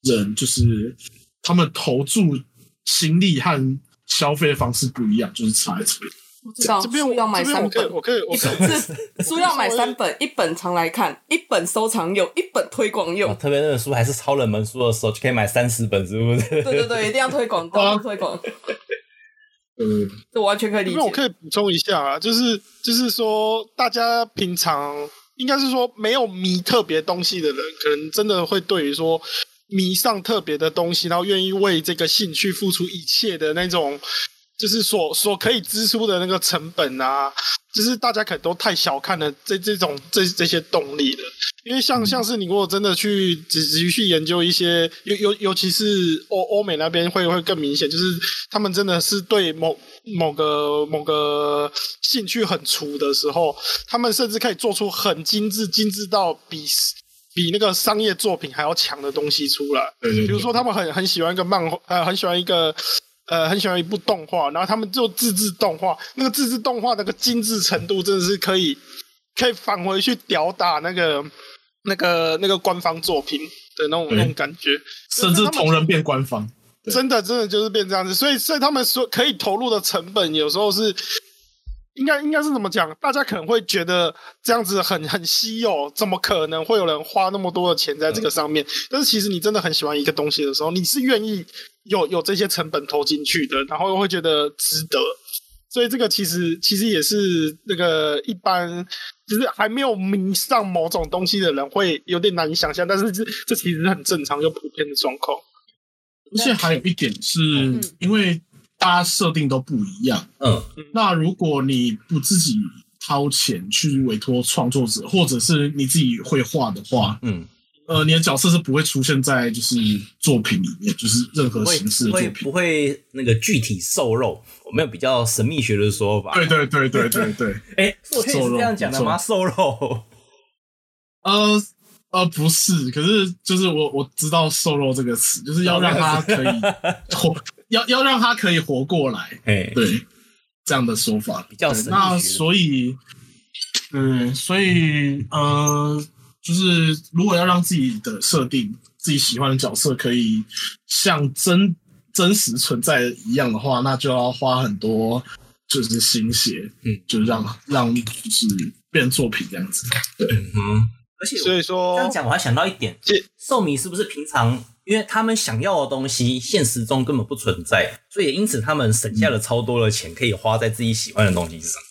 人，就是他們投注。心理和消費的方式不一樣，就是差一籌。我知道，這邊書要買三本，我可以，一本是，是書要買三本， 一本常來看，一本收藏用，一本推廣用，哦。特別那本書還是超冷門書的時候，就可以買三十本，是不是？對對對，一定要推廣，大量、啊、推廣。 嗯，這完全可以理解。那我可以補充一下啊，就是就是說，大家平常應該是說沒有迷特別東西的人，可能真的會對於說。迷上特別的東西，然後願意為這個興趣付出一切的那種，就是所所可以支出的那個成本啊，就是大家可能都太小看了這這種這這些動力了。因為像像是你如果真的去只只去研究一些，尤尤尤其是歐歐美那邊會會更明顯，就是他們真的是對某某個某個興趣很足的時候，他們甚至可以做出很精致，精致到比。比那個商業作品還要強的東西出來，對對對，比如說他們很很喜歡一個漫畫，呃，很喜歡一個，呃，很喜歡一部動畫，然後他們做自制動畫，那個自制動畫那個精致程度真的是可以，可以返回去吊打那個那個那個官方作品的那種那種感覺，甚至同人變官方，真的真的就是變這樣子，所以所以他們說可以投入的成本有時候是。應該應該是怎麼講？大家可能會覺得這樣子很很稀有，怎麼可能會有人花那麼多的錢在這個上面？嗯、但是其實你真的很喜歡一個東西的時候，你是願意有有這些成本投進去的，然後又會覺得值得。所以這個其實其實也是那個一般就是還沒有迷上某種東西的人會有點難以想象，但是這其實是很正常又普遍的狀況。而且還有一點是因為、嗯。大家設定都不一樣，嗯，那如果你不自己掏錢去委托創作者，或者是你自己會畫的話，嗯，呃，你的角色是不會出現在就是作品裡面，嗯、就是任何形式的作品會，不會那個具體瘦肉，我沒有比較神秘學的說法，對對對對對對，哎、欸，我聽、欸、是這樣講的嗎？瘦肉？呃呃，不是，可是就是我我知道瘦肉這個詞，就是要讓他可以脫、啊。 要要讓他可以活過來，對，這樣的說法比較深。那所以，嗯，所以嗯、呃，就是如果要讓自己的設定、自己喜歡的角色可以像真真實存在一樣的話，那就要花很多就是心血，嗯，就讓讓就是變作品這樣子，對，嗯，而且所以說剛剛講，我還想到一點，獸迷是不是平常？因為他們想要的東西現實中根本不存在，所以也因此他們省下了超多的錢，可以花在自己喜歡的東西上。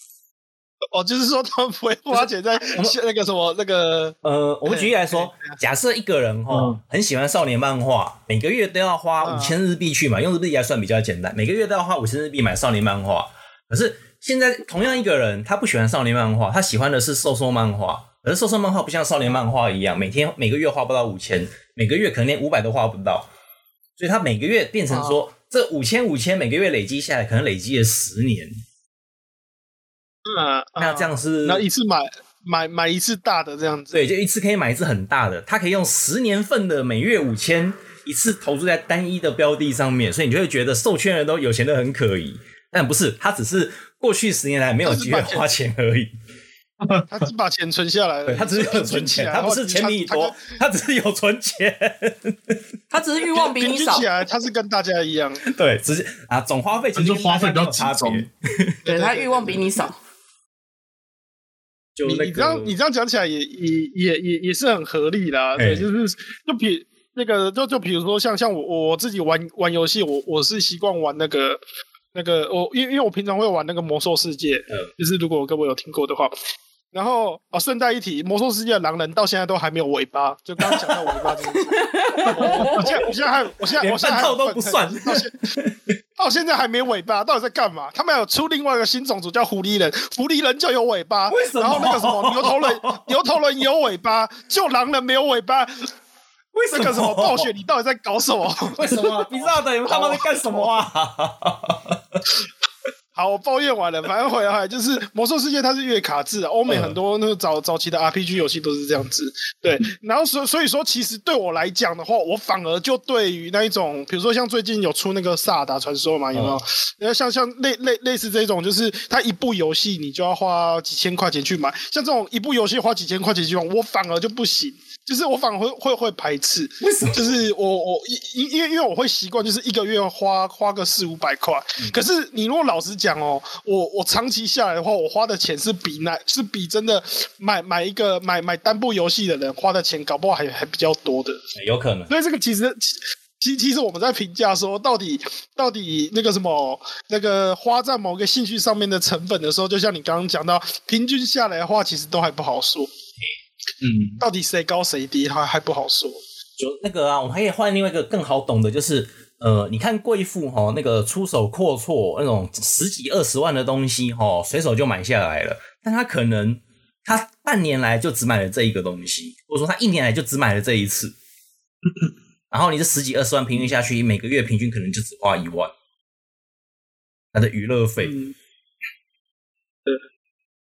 哦，就是說他們不會花錢在、那個、那個什麼那個呃，我們舉例來說、哎，假設一個人哈、哦嗯、很喜歡少年漫畫，每個月都要花五千日幣去買、嗯啊，用日幣來算比較簡單，每個月都要花五千日幣買少年漫畫。可是現在同樣一個人，他不喜歡少年漫畫，他喜歡的是獸獸漫畫。可是，獸獸漫畫不像少年漫畫一樣，每天每個月花不到五千，每個月可能連五百都花不到，所以他每個月變成說，啊、這五千五千每個月累積下來，可能累積了十年。嗯、啊啊那這樣是那一次買買買一次大的這樣子，對，就一次可以買一次很大的，他可以用十年份的每月五千一次投注在單一的標的上面，所以你就會覺得獸圈人都有錢得很可疑，但不是，他只是過去十年來沒有機會花錢而已。 他是把錢存下來了，他只是有存錢，存他，他不是錢比你多他，他只是有存錢， 他只是欲望比你少。起來，他是跟大家一樣，對，只是啊，總花費其實就花費比較集中，對他欲望比你少。就你這樣，你這樣講起來也也也也也是很合理的，欸，對，就是就比那個就就比如說像像我我自己玩玩遊戲，我我是習慣玩那個那個我，因因為我平常會玩那個魔獸世界，嗯，就是如果各位有聽過的話。然後，哦，順帶一提，魔獸世界的狼人到現在都還沒有尾巴，就剛剛講到尾巴這個就是， 我現在我現在還我現在我 現在都不算，到現在還沒尾巴，到底在幹嘛？ 他們有出另外一個新種族叫狐狸人，狐狸人就有尾巴，然後那個什麼牛頭人， 牛頭人有尾巴，就狼人沒有尾巴，為什麼？那個什麼暴雪你到底在搞什麼？ 為什麼？你知道的，他們在幹什麼啊？ 好，我抱怨完了，反正回來就是《魔獸世界》，它是月卡制啊，歐 美很多那個早早期的 RPG 遊戲都是這樣子。對，然後所所以說，其實對我來講的話，我反而就對於那一種，比如說像最近有出那個《薩達傳說》嘛，有沒有？那 像像類類類似這一種，就是它一部遊戲你就要花幾千塊錢去買，像這種一部遊戲花幾千塊錢去買，我反而就不行。就是我反而會會會排斥，為什麼？就是我我因因為因為我會習慣，就是一個月花花個四五百塊。嗯。可是你如果老實講哦、喔，我我長期下來的話，我花的錢是比那，是比真的買買一個買買單部遊戲的人花的錢，搞不好還還比較多的。欸，有可能。所以這個其實其其實我們在評價說到底到底那個什麼那個花在某個興趣上面的成本的時候，就像你剛剛講到，平均下來的話，其實都還不好說。嗯，到底誰高誰低，他還不好說。就那個啊，我們可以換另外一個更好懂的，就是呃，你看貴婦吼，那個出手闊綽那種十幾二十萬的東西吼，哦，隨手就買下來了。但他可能他半年來就只買了這一個東西，或者說他一年來就只買了這一次。 然後你這十幾二十萬平均下去，每個月平均可能就只花一萬，他的娛樂費。嗯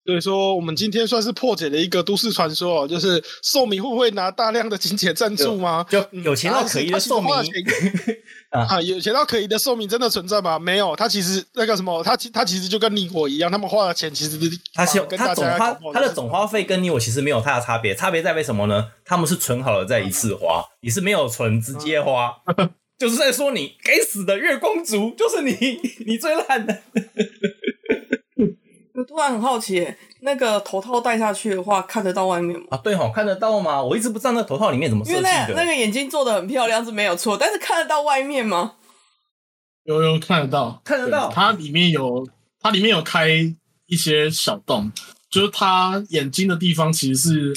所以說，我們今天算是破解了一個都市傳說哦，就是獸迷會不會拿大量的金錢贊助嗎？就有錢到可疑的獸迷，嗯 啊，啊，有錢到可疑的獸迷真的存在嗎？沒有，他其實那個什麼他，他其實就跟你我一樣，他們花的錢其實、就是、他、啊、跟大家口口是他總花他的總花費跟你我其實沒有太大差別，差別在為什麼呢？他們是存好了再一次花，你、啊、是沒有存直接花，啊、就是在說你該死的月光族，就是你，你最爛的。 我突然很好奇，那個頭套戴下去的話，看得到外面嗎？啊，對哦，看得到嗎？我一直不知道那個頭套裡面，怎麼因為那個那個眼睛做的很漂亮是沒有錯，但是看得到外面嗎？有有看得到，看得到，它裡面有它裡面有開一些小洞，就是它眼睛的地方其實是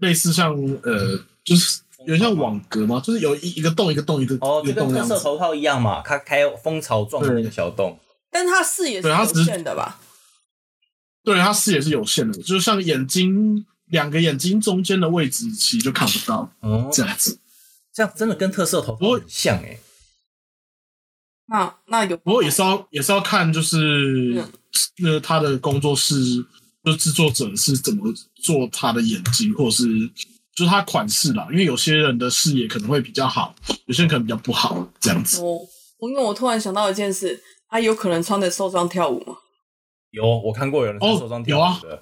類似像呃，就是有像網格嘛，就是有一個洞一個洞一個，一個洞一個哦，跟特色頭套一樣嘛，它開，開蜂巢狀的那個小洞，但是它視野是有限的吧？對，他視野是有限的，就是像眼睛兩個眼睛中間的位置，其實就看不到哦。這樣子，這樣真的跟特色頭很像哎。那那有不過也是要也是要看，就是那、嗯這個、他的工作室就是、製作者是怎麼做他的眼睛，或者是就是他款式啦。因為有些人的視野可能會比較好，有些人可能比較不好。這樣子，我、哦、因為我突然想到一件事，他有可能穿的獸裝跳舞嘛？有，我看過有人在手裝吊繩的、哦有啊。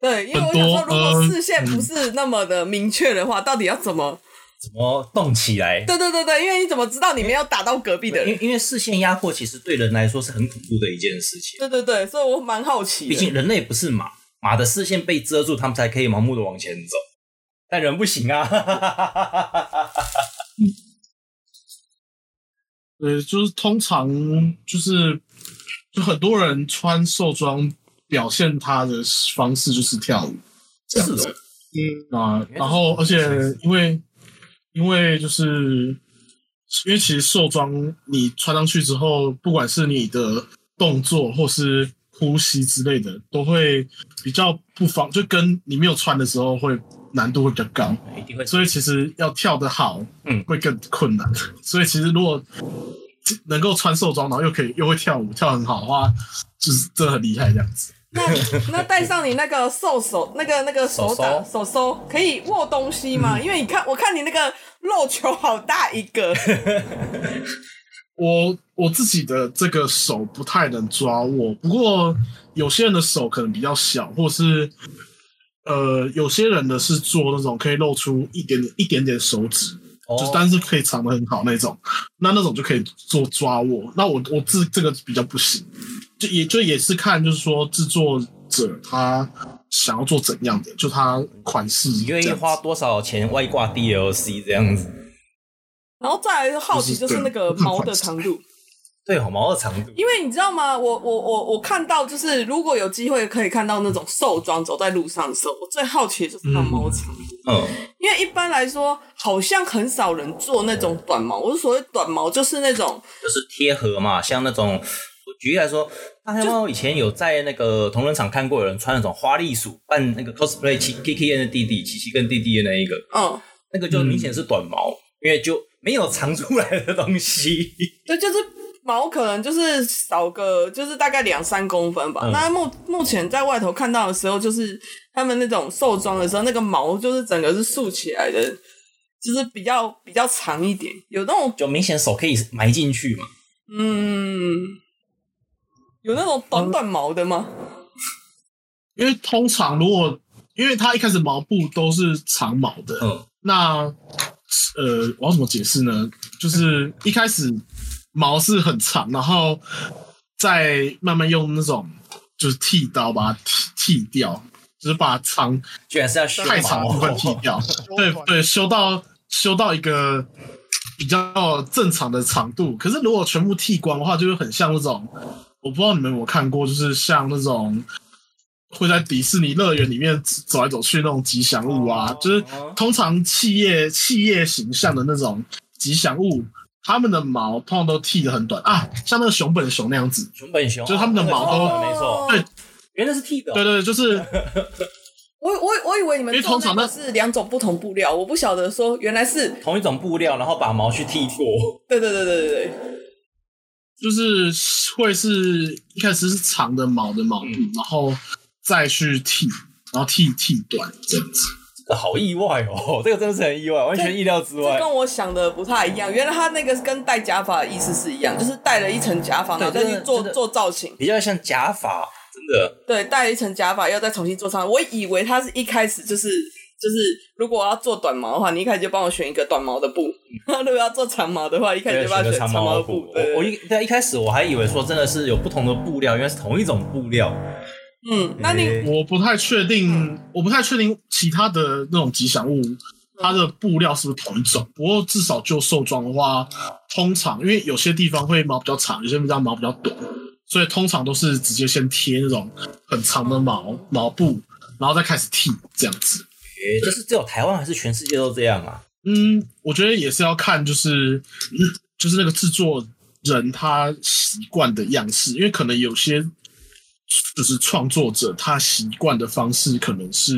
對，因為我想說如果視線不是那麼的明確的話，呃、到底要怎麼怎麼動起來？對對對對，因為你怎麼知道你沒有打到隔壁的人因？因為視線壓迫其實對人來說是很恐怖的一件事情。對對對，所以我蠻好奇。畢竟人類不是馬，馬的視線被遮住，他們才可以盲目的往前走，但人不行啊。 對，就是通常就是。就很多人穿獸裝表現他的方式就是跳舞，這樣子。嗯啊，然後而且因為因為就是因為其實獸裝你穿上去之後，不管是你的動作或是呼吸之類的，都會比較不方，就跟你沒有穿的時候會難度會比較高，所以其實要跳得好，嗯，會更困難、嗯。所以其實如果能夠穿獸裝，然後又可以又會跳舞，跳很好的話，就是真的很厲害這樣子。那那戴上你那個獸手，那個那個手手手，可以握東西嗎？嗯。因為你看，我看你那個肉球好大一個。我我自己的這個手不太能抓握，不過有些人的手可能比較小，或是呃，有些人的是做那種可以露出一點點一點點手指。Oh. 就但是可以藏得很好那種，那那種就可以做抓握。那我我自這個比較不行，就也就也是看就是說制作者他想要做怎樣的，就他款式。你願意花多少錢外掛 DLC 這樣子，嗯。然後再來好奇就是那個毛的長度。就是對、哦，毛的長度。因為你知道嗎？我我我我看到，就是如果有機會可以看到那種獸裝走在路上的時候，嗯、我最好奇的就是它毛長嗯。嗯，因為一般來說，好像很少人做那種短毛。哦、我是所謂短毛，就是那種就是貼合嘛，像那種，我舉例來說，大黑貓以前有在那個同人場看過，有人穿那種花栗鼠扮那個 cosplay 奇奇跟弟弟，奇奇跟弟弟的那一個，嗯，那個就明顯是短毛，嗯、因為就沒有長出來的東西。對，就是。毛可能就是少個，就是大概兩三公分吧。嗯、那目目前在外頭看到的時候，就是他們那種獸裝的時候，那個毛就是整個是豎起來的，就是比較比較長一點，有那種就明顯手可以埋進去嘛。嗯，有那種短短毛的嗎？嗯、因為通常如果因為它一開始毛布都是長毛的，嗯，那呃，我要怎麼解釋呢？就是一開始。嗯毛是很長，然後再慢慢用那種就是剃刀把它剃剃掉，就是把長，太長的部分剃掉，哦哦哦對對，修到修到一個比較正常的長度。可是如果全部剃光的話，就會很像那種，我不知道你們有沒有看過，就是像那種會在迪士尼樂園裡面走來走去那種吉祥物啊，哦哦就是通常企業企業形象的那種吉祥物。他們的毛通常都剃得很短啊，像那個熊本熊那樣子。熊本熊就是他們的毛都沒錯，對，原來是剃的。對對對，就是我我我以為你們穿的是兩種不同布料，我不曉得說原來是同一種布料，然後把毛去剃過。對，對對對對對對，就是會是一開始是長的毛的毛、嗯、然後再去剃，然後剃剃短，這樣子。這好意外哦！這個真的是很意外，完全意料之外，跟我想的不太一樣。原來他那個是跟戴假髮的意思是一樣，就是戴了一層假髮，然後再去做做造型，比較像假髮，真的。對，戴了一層假髮，要再重新做上。我以為他是一開始就是就是，如果要做短毛的話，你一開始就幫我選一個短毛的布；嗯。如果要做長毛的話，一開始就幫我選長毛的布，對，選個長毛的布對。我，我一對，一開始我還以為說真的是有不同的布料，原來是同一種布料。嗯，那你我不太確定，我不太確定、嗯、我不太確定其他的那種吉祥物，它的布料是不是同一種？不過至少就獸裝的話，通常因為有些地方會毛比較長，有些地方毛比較短，所以通常都是直接先貼那種很長的毛毛布，然後再開始剃，這樣子。誒，這、欸就是只有台灣還是全世界都這樣啊？嗯，我覺得也是要看，就是就是那個製作人他習慣的樣式，因為可能有些。就是創作者他習慣的方式可能是，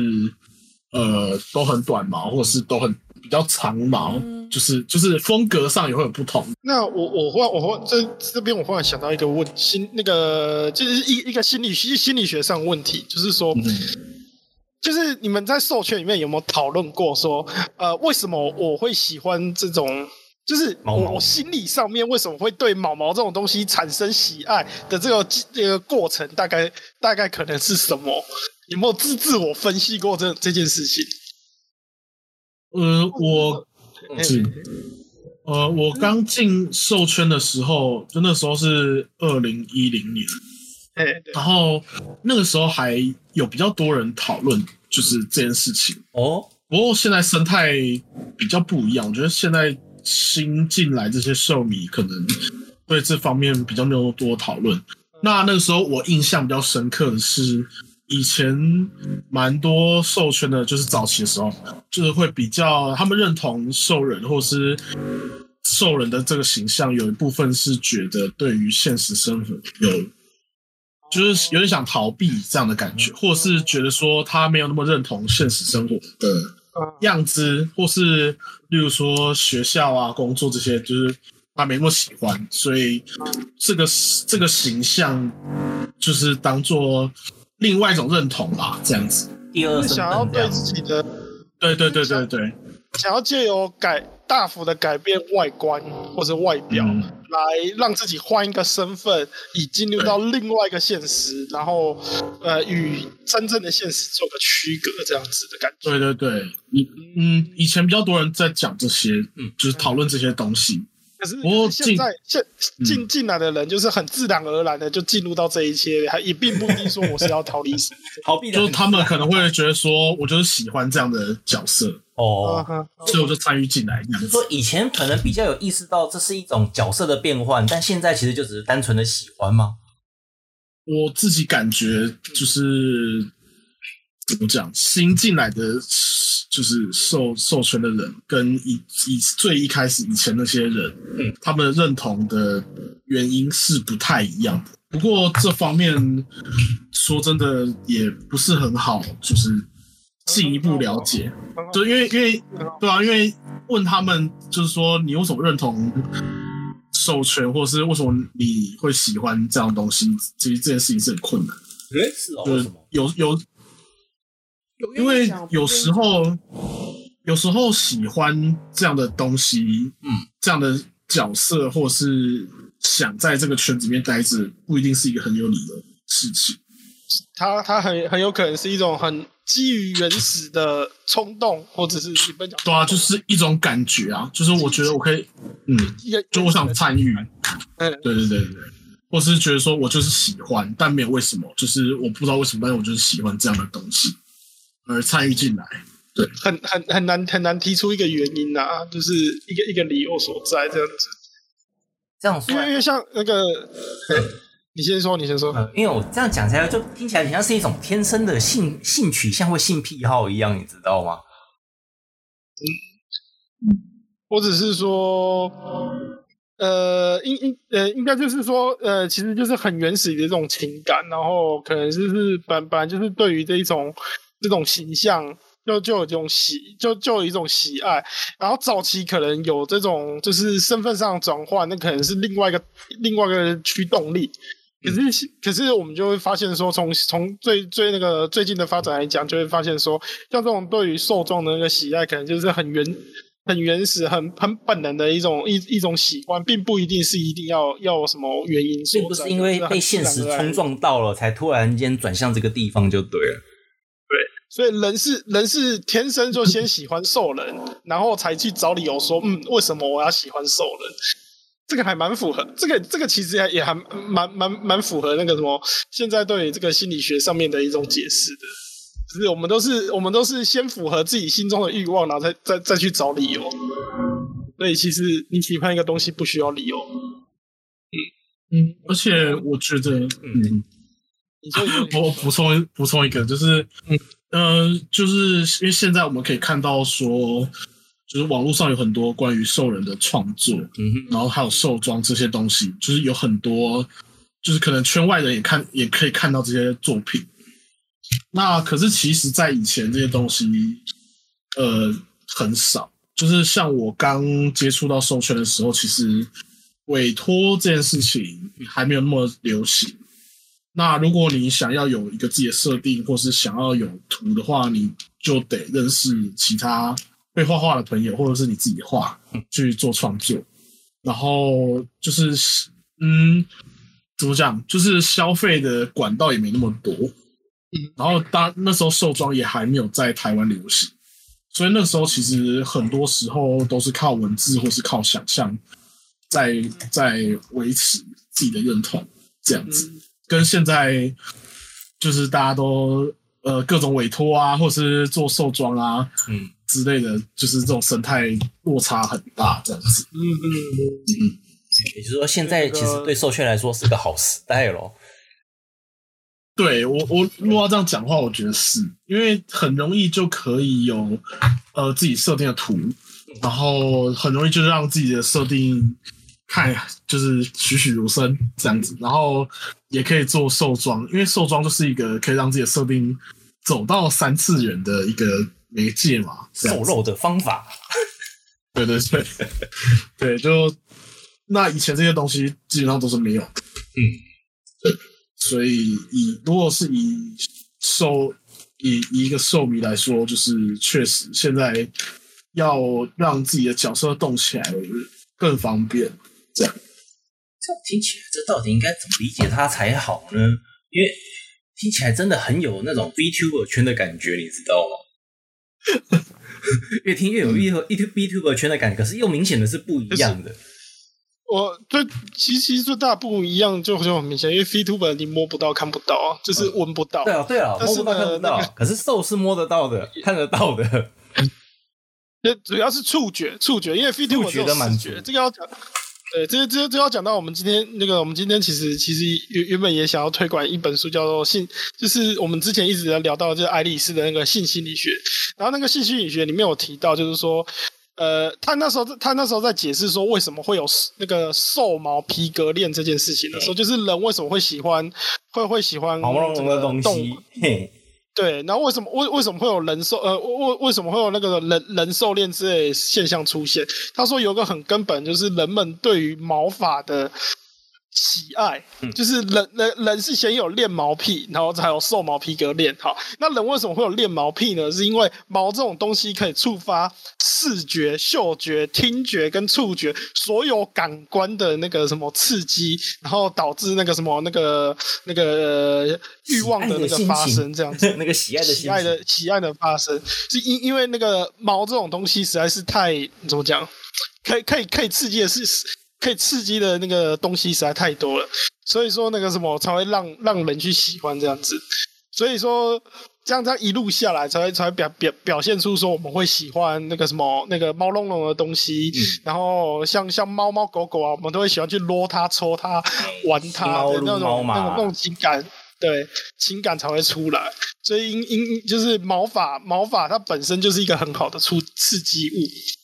呃，都很短毛，或者是都很比較長毛，嗯、就是就是風格上也會有不同。那我我忽然我忽然這這邊我忽然想到一個問心，那個就是一一個心理心理學上問題，就是說、嗯，就是你們在獸圈裡面有沒有討論過說，呃，為什麼我會喜歡這種？就是毛毛心理上面為什麼會對毛毛這種東西產生喜愛的這個這個過程，大概大概可能是什麼？你有沒有自自我分析過這這件事情？呃，我、嗯，呃，我剛進獸圈的時候，就那時候是二零一零年，哎、嗯，然後那個時候還有比較多人討論，就是這件事情哦、嗯。不過現在生態比較不一樣，我覺得現在。新進來這些獸迷，可能對這方面比較沒有多討論。那那個時候我印象比較深刻的是，以前蠻多獸圈的，就是早期的時候，就是會比較他們認同獸人，或是獸人的這個形象，有一部分是覺得對於現實生活有，就是有點想逃避這樣的感覺，或者是覺得說他沒有那麼認同現實生活。對、嗯。樣子，或是例如說學校啊、工作這些，就是他沒那麼喜歡，所以這個這個形象就是當做另外一種認同吧，這樣子。就是、想要對自己的，對對對對對。對對對想要借由改，大幅的改變外觀或者外表，嗯，來讓自己換一個身份，以進入到另外一個現實，然後，呃，與真正的現實做個區隔，這樣子的感覺。對對對，嗯嗯，以前比較多人在講這些，嗯，就是討論這些東西。嗯可是，現在進進進來的人，就是很自然而然的就進入到這一切，還也並不一定說我是要逃離、逃避，就是他們可能會覺得說，我就是喜歡這樣的角色哦，所以我就參與進來。你、哦哦哦就是說以前可能比較有意識到這是一種角色的變換，但現在其實就只是單純的喜歡嗎？我自己感覺就是。怎麼講？新進來的就是獸、獸圈的人，跟以以最一開始以前那些人，嗯，他們認同的原因是不太一樣的。不過這方面、嗯、說真的也不是很好，就是進一步了解。就因為因為對啊，因為問他們，就是說你為什麼認同獸圈，或者是為什麼你會喜歡這樣東西，其實這件事情是很困難。哎、欸，是哦，就是有有。有因為有時候，有時候喜歡這樣的東西，嗯，這樣的角色，或者是想在這個圈子裡面待着，不一定是一個很有理的事情。它它很很有可能是一種很基於原始的衝動，或者是對啊，就是一種感覺啊，就是我覺得我可以，嗯，就我想參與，對對對對，或是覺得說我就是喜歡，但沒有為什麼，就是我不知道為什麼，但是我就是喜歡這樣的東西。而參與進來，很很很難很難提出一個原因啊，就是一個一個理由所在這樣子，這樣說，因為因為像那個， 你先說，你先說，嗯、因為我這樣講起來就聽起來，很像是一種天生的性性取向或性癖好一樣，你知道嗎？嗯，我只是說，呃，應應呃，應該就是說，呃，其實就是很原始的這種情感，然後可能就是本本來就是對於這一種。這種形象，就就有這種喜，就就有一種喜愛。然後早期可能有這種，就是身份上轉換，那可能是另外一個另外一個驅動力。可是、嗯、可是，我們就會發現說從，從從最最那個最近的發展來講，就會發現說，像這種對於受眾的那個喜愛，可能就是很原很原始、很很本能的一種一一種喜歡，並不一定是一定要要有什麼原因。是不是因為被現實衝撞到了，才突然間轉向這個地方就對了。所以人是人是天生就先喜歡獸人，然後才去找理由說嗯，為什麼我要喜歡獸人？這個還蠻符合，這個這個其實也也還蠻蠻蠻、蠻、蠻符合那個什麼，現在對於這個心理學上面的一種解釋的，只是我們都是我們都是先符合自己心中的慾望，然後再再再去找理由。所以其實你喜歡一個東西不需要理由，嗯嗯，而且我覺得嗯、嗯你就，我補充補充一個就是嗯。呃，就是因為現在我們可以看到說，就是網絡上有很多關於獸人的創作，嗯，然後還有獸裝這些東西，就是有很多，就是可能圈外人也看，也可以看到這些作品。那可是，其實在以前這些東西，嗯，呃，很少。就是像我剛接觸到獸圈的時候，其實委托這件事情還沒有那麼流行。那如果你想要有一個自己的設定，或是想要有圖的話，你就得認識其他會畫畫的朋友，或者是你自己畫去做創作。然後就是，嗯，怎麼講？就是消費的管道也沒那麼多。然後當那時候，獸裝也還沒有在台灣流行，所以那時候其實很多時候都是靠文字或是靠想象，在在維持自己的認同這樣子。跟現在就是大家都呃各種委托啊，或是做獸裝啊，嗯，之類的，就是這種生態落差很大，這樣子。嗯嗯嗯。也就是說，現在、那個、其實對獸圈來說是個好時代嘍？對，我我如果要這樣講的話，我覺得是因為很容易就可以有呃自己設定的圖，然後很容易就讓自己的設定看就是栩栩如生這樣子，然後。也可以做獸裝，因為獸裝就是一個可以讓自己的設定走到三次元的一個媒介嘛。瘦肉的方法， 對對對， 對，就那以前這些東西基本上都是沒有， 嗯，所以以如果是以獸以，以一個獸迷來說，就是確實現在要讓自己的角色動起來更方便，這樣。這樣聽起來，這到底應該怎麼理解它才好呢？因為聽起來真的很有那種 VTuber 圈的感覺，你知道嗎？ 越聽越有 VTuber、VTuber、嗯、圈的感覺，可是又明顯的是不一樣的。就是、我對其實說大不一樣，就就很明顯，因為 VTuber 你摸不到、看不到啊，就是聞不到、嗯。對啊，對啊，但是摸不到、看到、看不到，可是獸是摸得到的、看得到的。主要是觸覺、觸覺，因為 VTuber 覺得蠻絕，這個要講。對，這這這要講到我們今天那個，我們今天其實其實原原本也想要推廣一本書，叫做《性》，就是我們之前一直在聊到的就是愛麗絲的那個性心理學。然後那個性心理學裡面有提到，就是說，呃，他那時候他那時候在解釋說，為什麼會有那個獸毛皮革戀這件事情的時候，就是人為什麼會喜歡，會會喜歡毛茸茸的東西。對，然後為什麼為為什麼會有人獸？呃，為為為什麼會有那個人人獸戀之類現象出現？他說有個很根本，就是人們對於毛髮的。喜愛、嗯，就是人、人、人是先有戀毛癖，然後還有獸毛皮革戀。好，那人為什麼會有戀毛癖呢？是因為毛這種東西可以觸發視覺、嗅覺、聽覺跟觸覺所有感官的那個什麼刺激，然後導致那個什麼那個那個呃、慾望的那個發生，這樣子那個喜愛的喜愛的 喜愛的發生，是因因為那個毛這種東西實在是太怎麼講，可以可以可以刺激的是。可以刺激的那個東西實在太多了，所以說那個什麼才會讓讓人去喜歡這樣子，所以說這樣它一路下來才會才會表表表現出說我們會喜歡那個什麼那個毛茸茸的東西，嗯、然後像像貓貓狗狗啊，我們都會喜歡去擼它、戳它、玩它的那種那種那種情感，對情感才會出來，所以因因就是毛髮毛髮它本身就是一個很好的出刺激物。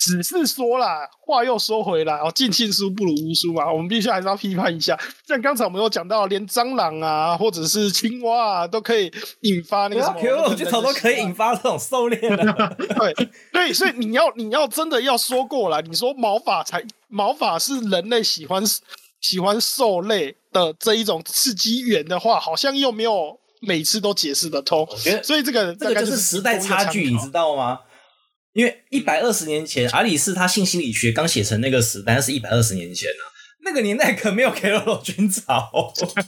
只是說啦，話又說回來，哦，盡信書不如無書嘛、啊。我們必須還是要批判一下。像剛才我們有講到，連蟑螂啊，或者是青蛙啊，都可以引發那個什麼、啊那個。我覺得好多可以引發這種獸戀的。 對對，所以你要你要真的要說過來， 你說毛髮才毛髮是人類喜歡喜歡獸類的這一種刺激源的話，好像又沒有每次都解釋得通、嗯。所以這個這個就是時代差距，你知道嗎？因為一百二十年前，嗯、阿里是他性心理學剛寫成那個時代是一百二十年前呢，那個年代可沒有 Keroro 軍曹。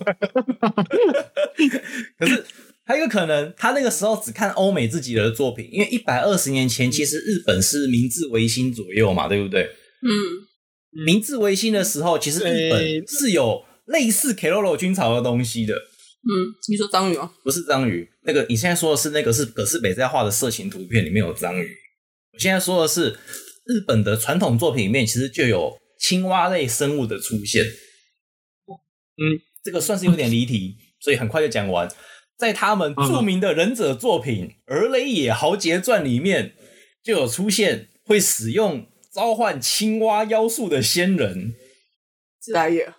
可是還有可能，他那個時候只看歐美自己的作品，因為一百二十年前其實日本是明治維新左右嘛，對不對？嗯，明治維新的時候，其實日本是有類似 Keroro 軍曹的東西的。嗯，你說章魚啊？不是章魚，那個你現在說的是那個是葛飾北齋畫的色情圖片裡面有章魚。我現在說的是日本的傳統作品裡面，其實就有青蛙類生物的出現。嗯，這個算是有點離題，所以很快就講完。在他們著名的忍者作品《兒雷也豪傑傳》裡面，就有出現會使用召喚青蛙妖術的仙人。自來也。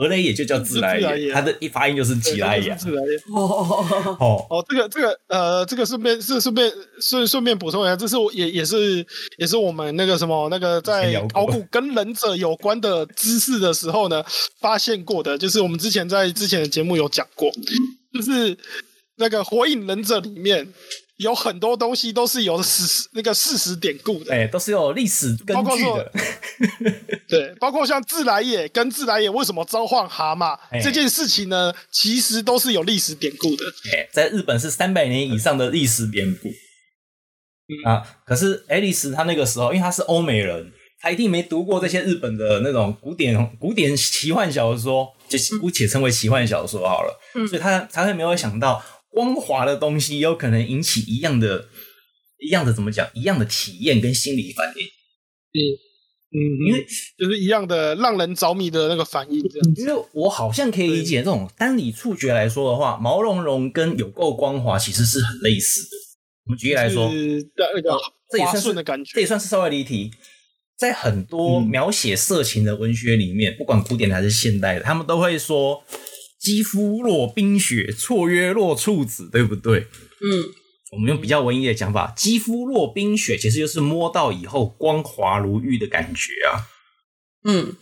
而呢，也就叫自來也，也，他的一發音就是自來也。自來也，哦哦，這個 oh, oh, oh. 這個、這個、呃，這個順便順、這個、順便順順，順便補充一下，這是我也也是也是我們那個什麼那個在考古跟忍者有關的知識的時候呢，發現過的，就是我們之前在之前的節目有講過，就是那個火影忍者裡面。有很多東西都是有史那個歷史典故的，哎、欸，都是有歷史根據的。 對，包括像自來也跟自來也為什麼召喚蛤蟆、欸、這件事情呢？其實都是有歷史典故的。在日本是三百年以上的歷史典故、嗯。啊，可是愛麗絲她那個時候，因為她是歐美人，她一定沒讀過這些日本的那種古典古典奇幻小說，就姑且稱為奇幻小說好了。嗯、所以她才會沒有想到。光滑的東西有可能引起一樣的，一樣的怎麼講，一樣的體驗跟心理反應。嗯嗯，因為就是一樣的讓人着迷的那個反應這樣。因為我好像可以理解這種，單以觸覺來說的話，毛茸茸跟有夠光滑其實是很類似的。我們舉例來說，啊、這也算是，這也算是稍微離題。在很多描寫色情的文學裡面，嗯，不管古典的還是現代的，他們都會說。肌膚若冰雪，綽約若處子，對不對？嗯，我們用比較文藝的講法，肌膚若冰雪，其實就是摸到以後光滑如玉的感覺啊。嗯，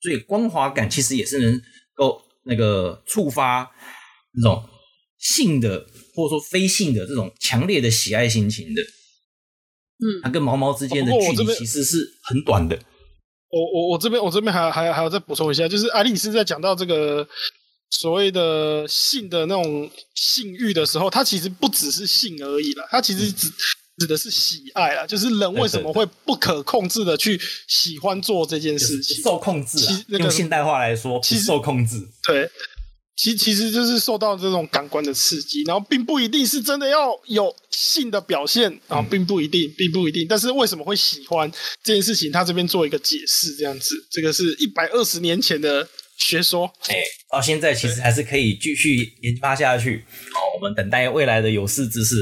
所以光滑感其實也是能夠那個觸發那種性的或者說非性的這種強烈的喜愛心情的。嗯，它跟毛毛之間的距離其實是很短的。我、哦、我我這邊我,我這邊還還還要再補充一下，就是歐力你是不是在講到這個。所謂的性的那種性欲的時候，它其實不只是性而已了，它其實指指的是喜愛啦，就是人為什麼會不可控制的去喜歡做這件事情，就是、受控制。那個現代化來說，其實受控制。對，其其實就是受到這種感官的刺激，然後並不一定是真的要有性的表現啊，然後並不一定，並不一定。但是為什麼會喜歡這件事情？他這邊做一個解釋，這樣子，這個是一百二十年前的。學說，哎、欸，到現在其實還是可以繼續研發下去。哦，我們等待未來的有識之士。